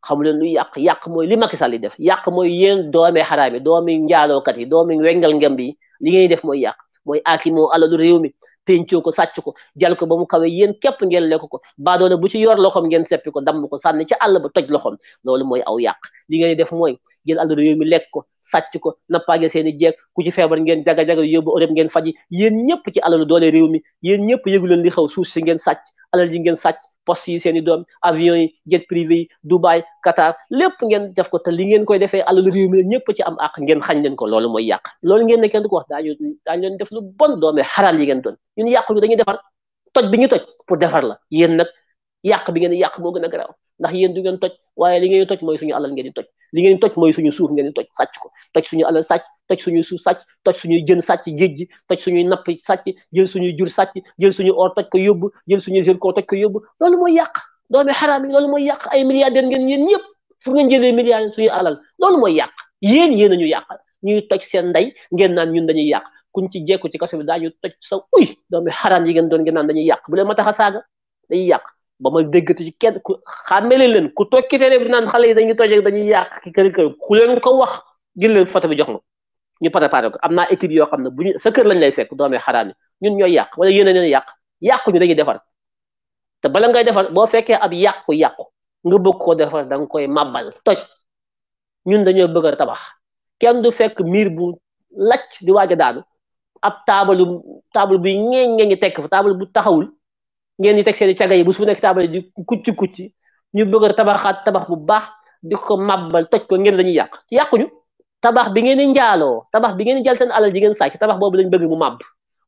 xamu leen lu yàq yàq mooy li ki Sall yi def yàq mooy yéen doomi xaraam yi doomi njaalookat yi doomi wengal ngemb yi li ngeen def mooy yàq mooy aaki moo alalu réew mi pencoo ko sàcc ko jal ko ba mu kawe yéen képp ngeen lekk ko baadoole bu ci yor loxoom ngeen seppi ko damm ko sànni ci àll ba toj loxoom loolu mooy aw yàq li def mooy ngeen àll réew mi lekk ko sàcc ko nappaage seeni jeeg ku ci feebar ngeen jaga-jaga yóbbu Europe ngeen faji yéen ñëpp ci alalu doole réew mi yéen ñëpp yëgu li xaw suuf si ngeen alal ji ngeen poste yi seen i doom avions yi jet privé yi Dubaï Qatar lépp ngeen def ko te li ngeen koy defee alal réew mi ñëpp ci am àq ngeen xañ leen ko loolu mooy yàq loolu ngeen ne kenn du wax daañu daañu leen def lu bon doome xaral yi doon ñun yàq ñu dañuy defar toj bi pour defar la yéen nag yàq bi ngeen yàq moo gën a ndax yéen du ngeen toj waaye li ngeen toj mooy suñu alal ngeen di toj li ngeen toj mooy suñu suuf ngeen di toj sàcc ko toj suñu alal sàcc toj suñuy suuf sàcc toj suñuy jën sàcc géej gi toj suñuy napp sàcc jël suñuy jur sàcc jël suñu or toj ko yóbbu jël suñu jur ko toj ko yóbbu loolu mooy yàq doomi xaraam yi loolu mooy yàq ay milliardaire ngeen yéen ñëpp fu ngeen jëlee milliards suñu alal loolu mooy yàq yéen yéen ñu yàqal ñuy toj seen ndey ngeen naan ñun dañuy yàq kuñ ci jekku ci kaso bi daañu toj sa uy doomi xaraam yi ngeen doon ngeen naan yàq bu leen ma tax a saaga dañuy yàq ba ma déggati ci kenn ku xàmmele leen ku tokkite ne bi naan xale yi dañuy toj dañu yàq ki kër kër ku leen ko wax jël leen bi jox ma ñu préparé ko am naa équipe yoo xam ne bu ñu sa kër lañ lay fekk doomee xaraam yi ñun ñoo yàq wala yéen a leen yàq yàqu ñu dañuy defar te bala ngay defar boo fekkee ab yàqu-yàqu nga bëgg koo defar da koy màbbal toj ñun dañoo bëgg a tabax kenn du fekk miir bu lacc di waaj a daanu ab taabalu taabal bu ñeeñ ñeeñi tekk fa taabal bu taxawul ngeen di tek seen ciaga yi bu su nek tabal di kucci kucci ñu bëgg a tabaxaat tabax bu baax di ko màbbal toj ko ngeen dañuy yaq ci yàquñu tabax bi ngeen di njaaloo tabax bi ngeen di jël seen alal ji ngeen sàcc tabax bobu lañ bëgg mu màbb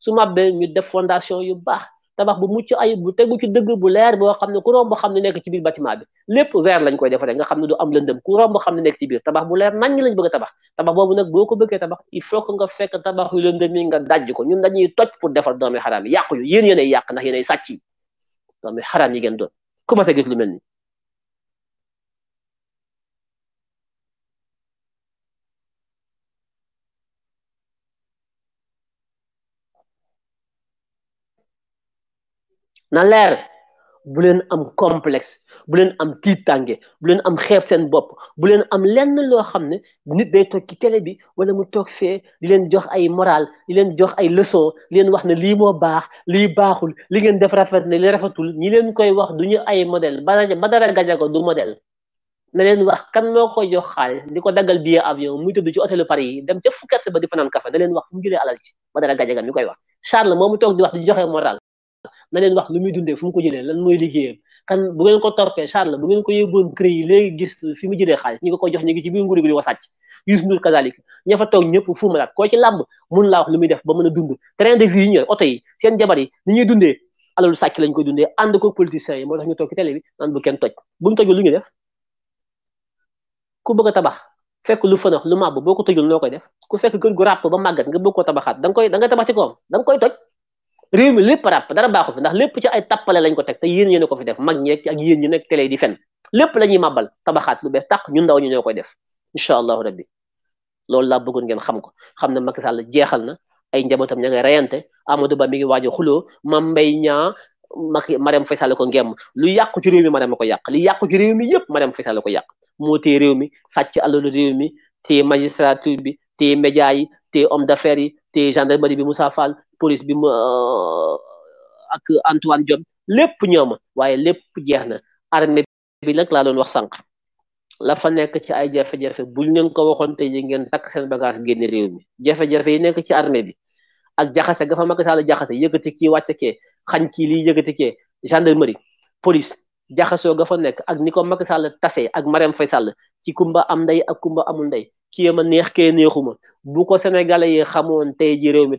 su mabbe ñu def fondation yu baax tabax bu muccu ayib bu teggu ci dëgg bu leer bo xamne ku rombo xamne nek ci biir bâtiment bi lepp weer lañ koy defale nga xamne du am lëndëm ku rombo xamne nek ci biir tabax bu leer nañ lañ bëgg tabax tabax bobu nak boko bëgge tabax il faut nga fekk tabax yu lëndëm yi nga dajj ko ñun dañuy toj pour defal doomi haram yaq yu yeen yéen yaq nak ndax yéenay doom yi xaraam yi ngeen doon commencé gis lu ni na leer bu leen am complexe bu leen am tiitange bu leen am xeeb seen bopp bu leen am lenn loo xam ne nit day toog ci télé bi wala mu toog fee di leen jox ay moral di leen jox ay leçon di leen wax ne lii moo baax lii baaxul li ngeen def rafet ne li rafetul ñi leen koy wax du ñu ay modèle ba dara gañe ko du modèle na leen wax kan moo koy jox xaalis di ko daggal billet avion muy tëdd ci hôtelu Paris yi dem ca fukkat ba di fanaan kafe na leen wax mu jëlee alal ba dara toog di wax di joxe moral na leen wax lu muy dundee fu mu ko jëlee lan mooy liggéeyam kan bu ngeen ko torpee Charles bu ngeen ko yóbboon CREI yi léegi gis fi mu jëlee xaalis ñi ko ko jox ñu ngi ci biir nguur gi di ko sàcc Youssou Ndour kazalik fa toog ñëpp fu malaat koo ci làmb mun laa wax lu muy def ba mën a dund train de vie yi ñooy oto yi seen jabar yi ni ñuy dundee alalu sàcc lañ koy dundee ànd ko politiciens yi moo tax ñu toog ci télé bi naan bu kenn toj bu ñu tojul lu ñu def ku bëgg a tabax fekk lu fënax lu boo ko tojul noo koy def ku fekk kër gu ràpp ba màggat nga bëgg koo tabaxaat koy da nga tabax da nga koy toj réew mi lépp ràpp dara baaxu ndax lépp ci ay tappale lañ ko teg te yéen yéen ko fi def mag ñi rek ak yéen ñi nekk télé di fen lépp la ñuy màbbal tabaxaat lu bees tàq ñun ndaw ñu ñoo koy def incha allahu rabbi loolu laa bëggoon ngeen xam ko xam ne Macky Sall jeexal na ay njabootam ña ngay reyante Amadou Ba mi ngi waaj a xuloo Mame Mbaye Niang Macky Mariam Faye Sall ko ngemm lu yàqu ci réew mi ma ko yàq li yàqu ci réew mi yëpp Mariam Faye Sall ko yàq moo téye réew mi sàcc alalu réew mi téye magistrature bi téye média yi téye homme d'affaires yi téye gendarmerie bi Moussa Fall police bi ma euh, ak Antoine Diome lépp ñooma waaye lépp jeex na armée bi nag laa doon wax sànq lafa nekk ci ay jafe-jafe buñ leen ko waxoon tey ji ngeen takk seen bagage génn réew mi jafe-jafe yi nekk ci armée bi ak jaxase ga fa Macky Sall jaxase yëkkati kii wàcce kee xañ kii lii yëkkati kee gendarmerie police jaxasoo ga nekk ak ni ko Macky Sall tase ak Marème Faye Sall ci kumba am ndey ak kumba amul ndey kii ma neex kee neexuma bu ko sénégalais yi xamoon tey ji réew mi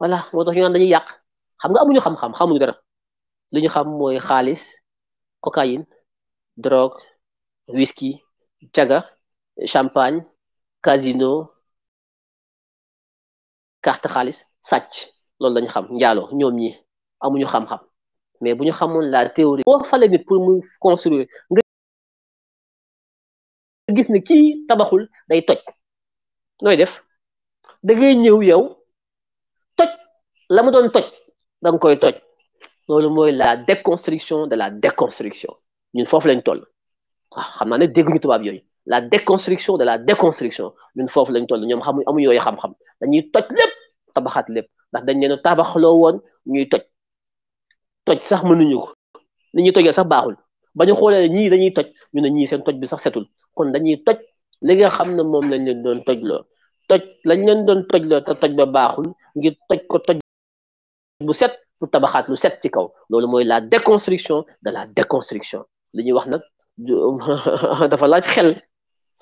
voilà moo tax ñu naan dañuy yàq xam nga amuñu xam-xam xamuñu dara li ñu xam mooy xaalis cocaïne drogue whisky jaga champagne casino carte xaalis sàcc loolu lañu xam njaaloo ñoom ñi amuñu xam-xam mais buñu ñu xamoon la théorie boo fale nit pour muy construire nga gis ne tabaxul day toj nooy def da ñëw yow la mu doon toj da nga koy toj loolu mooy la déconstruction de la déconstruction ñun foofu lañ toll waaw ah, xam naa ne ñu tubaab yooyu la déconstruction de la déconstruction ñun foofu lañ toll ñoom xamuñ amuñ yooyu xam-xam dañuy toj lépp tabaxat lépp ndax dañ leen tabaxloo woon ñuy toj toj sax mënuñu ko ni ñuy tojee sax baaxul ba ñu xoolee ñii dañuy toj ñu ne ñii seen toj bi sax setul kon dañuy toj li nga xam ne moom lañ leen doon toj loo toj lañ leen doon toj loo te toj ba baaxul ngir toj ko toj bu set pour tabaxaat lu set ci kaw loolu mooy la déconstruction de la déconstruction lu ñuy wax nag *laughs* dafa laaj xel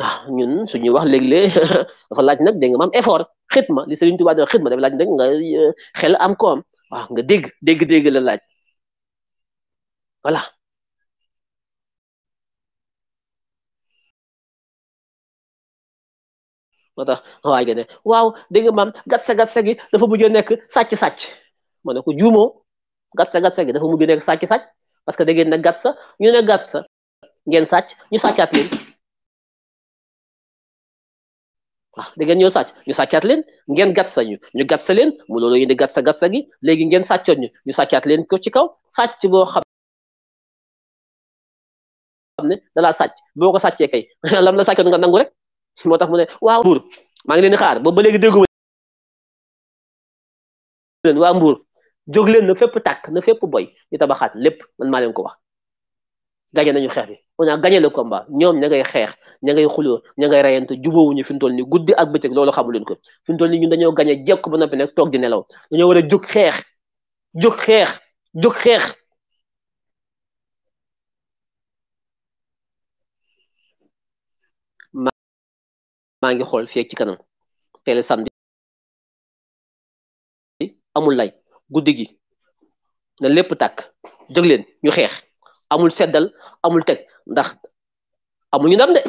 ah, ñun suñuy wax léeg-léeg *laughs* dafa laaj nag dégg nga maam effort xitma li Sëriñ Tuubaa dafa dafa laaj nag nga euh, xel am koom waaw ah, nga dégg dégg-dégg la laaj voilà moo waaw dégg nga maam gatsa gatsa gi dafa mujj a nekk sàcc-sàcc ma ko juumoo gatsa gatsa gi dafa mujj nekk sàcc sàcc parce que da ngeen ne gatsa ñu ne gatsa ngeen sàcc ñu sàccaat leen waaw da ngeen ñoo sàcc ñu sàccaat leen ngeen gatsa ñu ñu gatsa leen mu loolu indi gatsa gatsa gi léegi ngeen sàccoon ñu ñu sàccaat leen ko ci kaw sàcc boo xam ne dalaa sàcc boo ko sàccee kay *laughs* lam la sàccoon nga nangu rek moo tax mu ne waaw buur maa ngi leen di xaar boobu ba léegi dégguma leen waa mbuur jóg leen na fépp tàkk na fépp boy ñu tabaxaat lépp man maa leen ko wax gañe nañu xeex bi on a gagné komba ñoom ña ngay xeex ña ngay xuloo ña ngay rayante jubóowuñu fi mu toll ni guddi ak bëccëg loolu xamu leen ko fi mu ni ñu dañoo gagné jekk ba noppi nag toog di nelaw dañoo war a jóg xeex jóg xeex jóg xeex maa ngi xool fii ci kanam teel samedi amul lay guddi gi na lépp tàkk jóg leen ñu xeex amul seddal amul teg ndax amuñu ndam de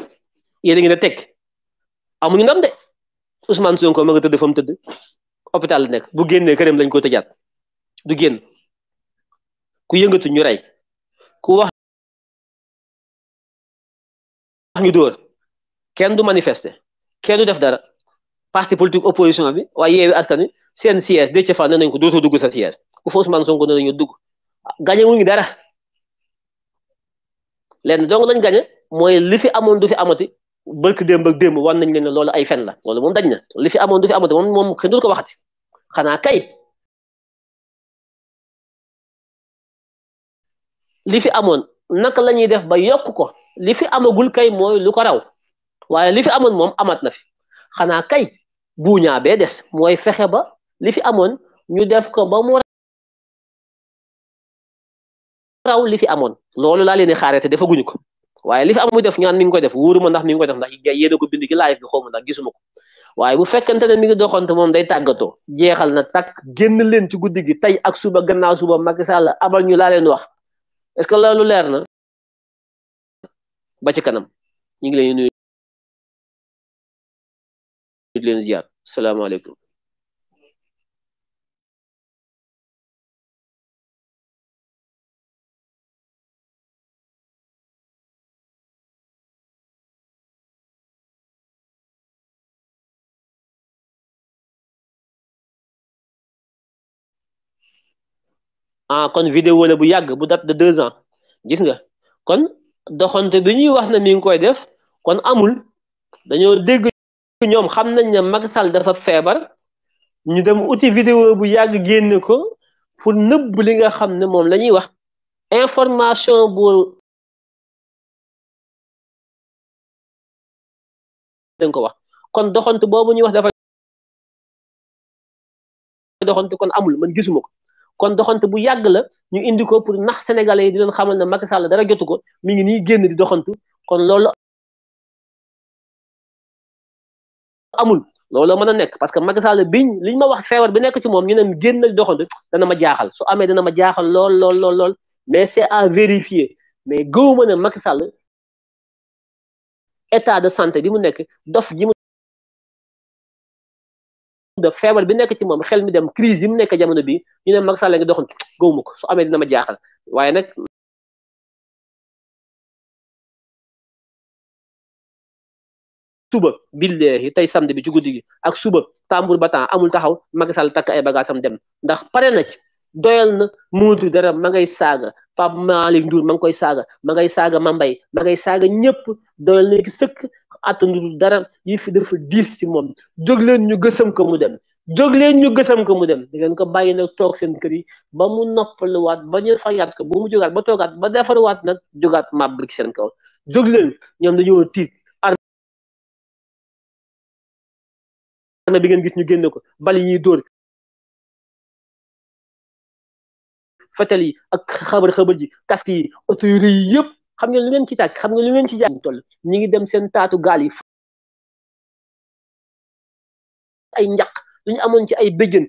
yéen a ngi ne teg amuñu ndam de Ousmane Sonko ma nga tëdd fa mu hôpital la nekk bu génnee këram lañ ko tëjaat du génn ku yëngatu ñu rey ku wax ñu dóor kenn du manifesté kenn du def dara parti politique opposition bi waaye yeewi askan wi seen siège Déthié Fall nee nañ ko dootoo dugg sa siège ku fa Ousmane Sonko nee nañu dugg gañe wuñu dara lenn donc lañ gañe mooy li fi amoon du fi amati bëlk démb ak wan nañ leen ne loolu ay fen la loolu moom dañ na li fi amoon du fi amati moom kenn du ko waxati xanaa kay li fi amoon naka la def ba yokk ko li fi amagul kay mooy lu ko raw waaye li fi amoon moom amaat na fi xanaa kay buuñaa bee des mooy fexe ba li fi amoon ñu def ko ba mu raw li fi amoon loolu laa leen di xaaree te defaguñu ko waaye li fi amoon mu def ñaan mi ngi koy def wóoruma ndax mi ngi koy def ndax yéena ko bind gi live bi xawma waaye bu fekkente ne mi ngi doxante moom day tàggatoo jeexal na takk génn leen ci guddi gi tey ak suba gannaaw suba Macky Sall abal ñu laa leen wax est-ce que loolu leer na ba ci kanam ñu ngi leen nuyu di leen ah, kon vidéo la bu yàgg bu date de deux ans gis nga kon doxante bi ñuy wax na mi koy def kon amul dañoo dégg ñoom xam nañ ne Macky Sall dafa feebar ñu dem uti vidéo bu yàgg génn ko pour nëbb li nga xam ne moom lañuy wax information bu ko wax kon doxantu boobu ñuy wax dafa doxantu kon amul man gisuma ko kon doxantu bu yàgg la ñu indi ko pour nax sénégalais yi di leen xamal ne Macky Sall dara jotu ko mi ngi nii génn di doxantu kon loolu amul loolu la mën a nekk parce que Macky Sall biñ liñ ma wax feebar bi nekk ci moom ñu ne génnal doxantu dana ma jaaxal su amee dana ma jaaxal lool lool lool lool mais c'est à vérifier mais gëwuma ne Macky Sall état de santé bi mu nekk dof ji mu da feebar bi nekk ci moom xel mi dem crise yi mu nekk jamono bi ñu ne Macky Sall nga doxal doxantu gëwuma ko su amee dina ma jaaxal waaye nag suba billahi tay samedi bi ci guddigi ak suba tambour batan amul taxaw Macky Sall tak ay bagaasam dem ndax paré na ci doyal na moudou dara ma ngay saaga Pape Malick Ndour ma koy ma ngay Mambay ma ngay saaga ñëpp doyal na ci seuk atandu dara yi fi dafa diis ci mom jog leen ñu gëssam ko mu dem jog leen ñu gëssam ko mu dem di ngeen ko bàyyi nag seen kër yi ba mu waat ba ñu ko bu mu ba ba waat nak mabrik seen kaw jog leen ñoom tit arme bi ngeen gis ñu génne ko bal yi door dóor yi ak xabar xabar ji casque yi oto yu rëy yëpp xam nga lu ngeen ci tàkk xam nga lu ngeen ci jàng toll ñi ngi dem seen taatu gaal yi ay njaq lu ñu amoon ci ay béjjën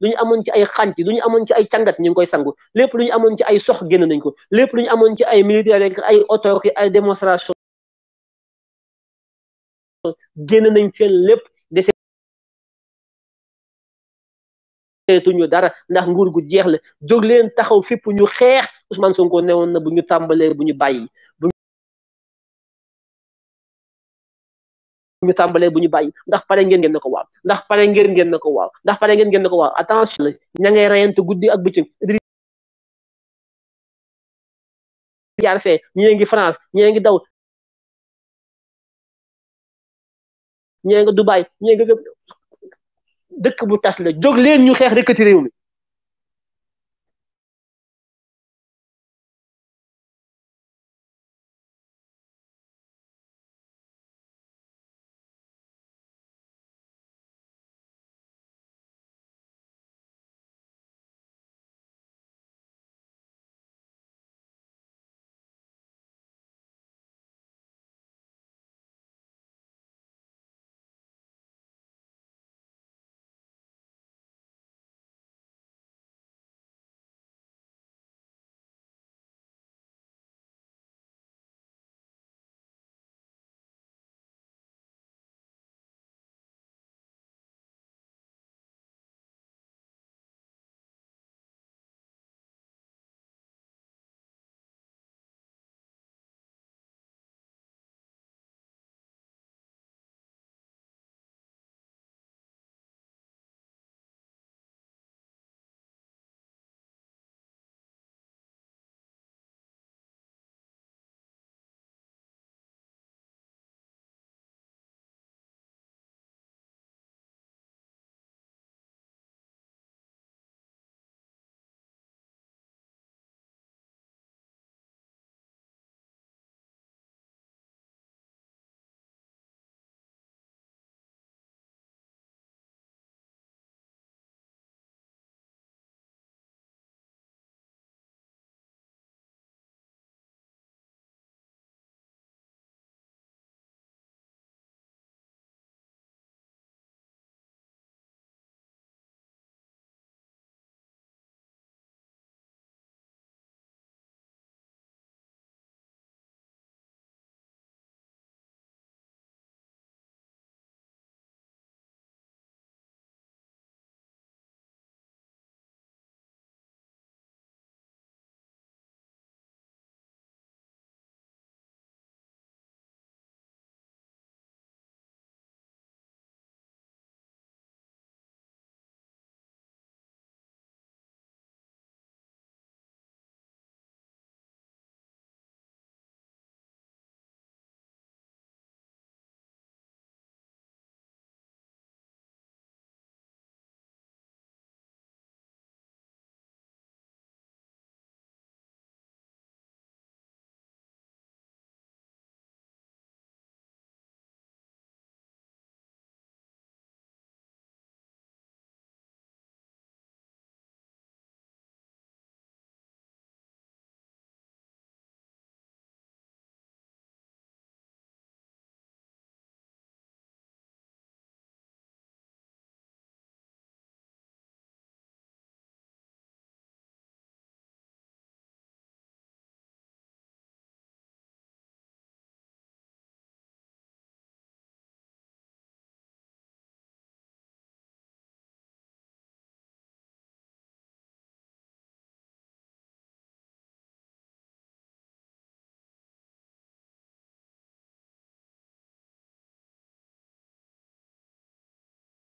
lu ñu amoon ci ay xànc lu ñu amoon ci ay càngat ñu ngi koy sangu lépp lu ñu amoon ci ay sox génn nañ ko lépp lu ñu amoon ci ay militaire ay autorité ay démonstration génn nañ seen lépp deseetuñu dara ndax nguur gu jeex la jóg leen taxaw fépp ñu xeex Ousmane Sonko newoon na bu ñu tàmbalee bu ñu bàyyi ñu tàmbalee bu ñu ndax pare ngeen ngeen na waaw ndax pare ngeen ngeen na waaw ndax ngeen ngeen waaw attention ña ngay guddi ak jaar ñi ngi France ñi ngi daw ñee nga Dubaï ñee nga dëkk bu tas la jóg leen ñu xeex rëkkati réew mi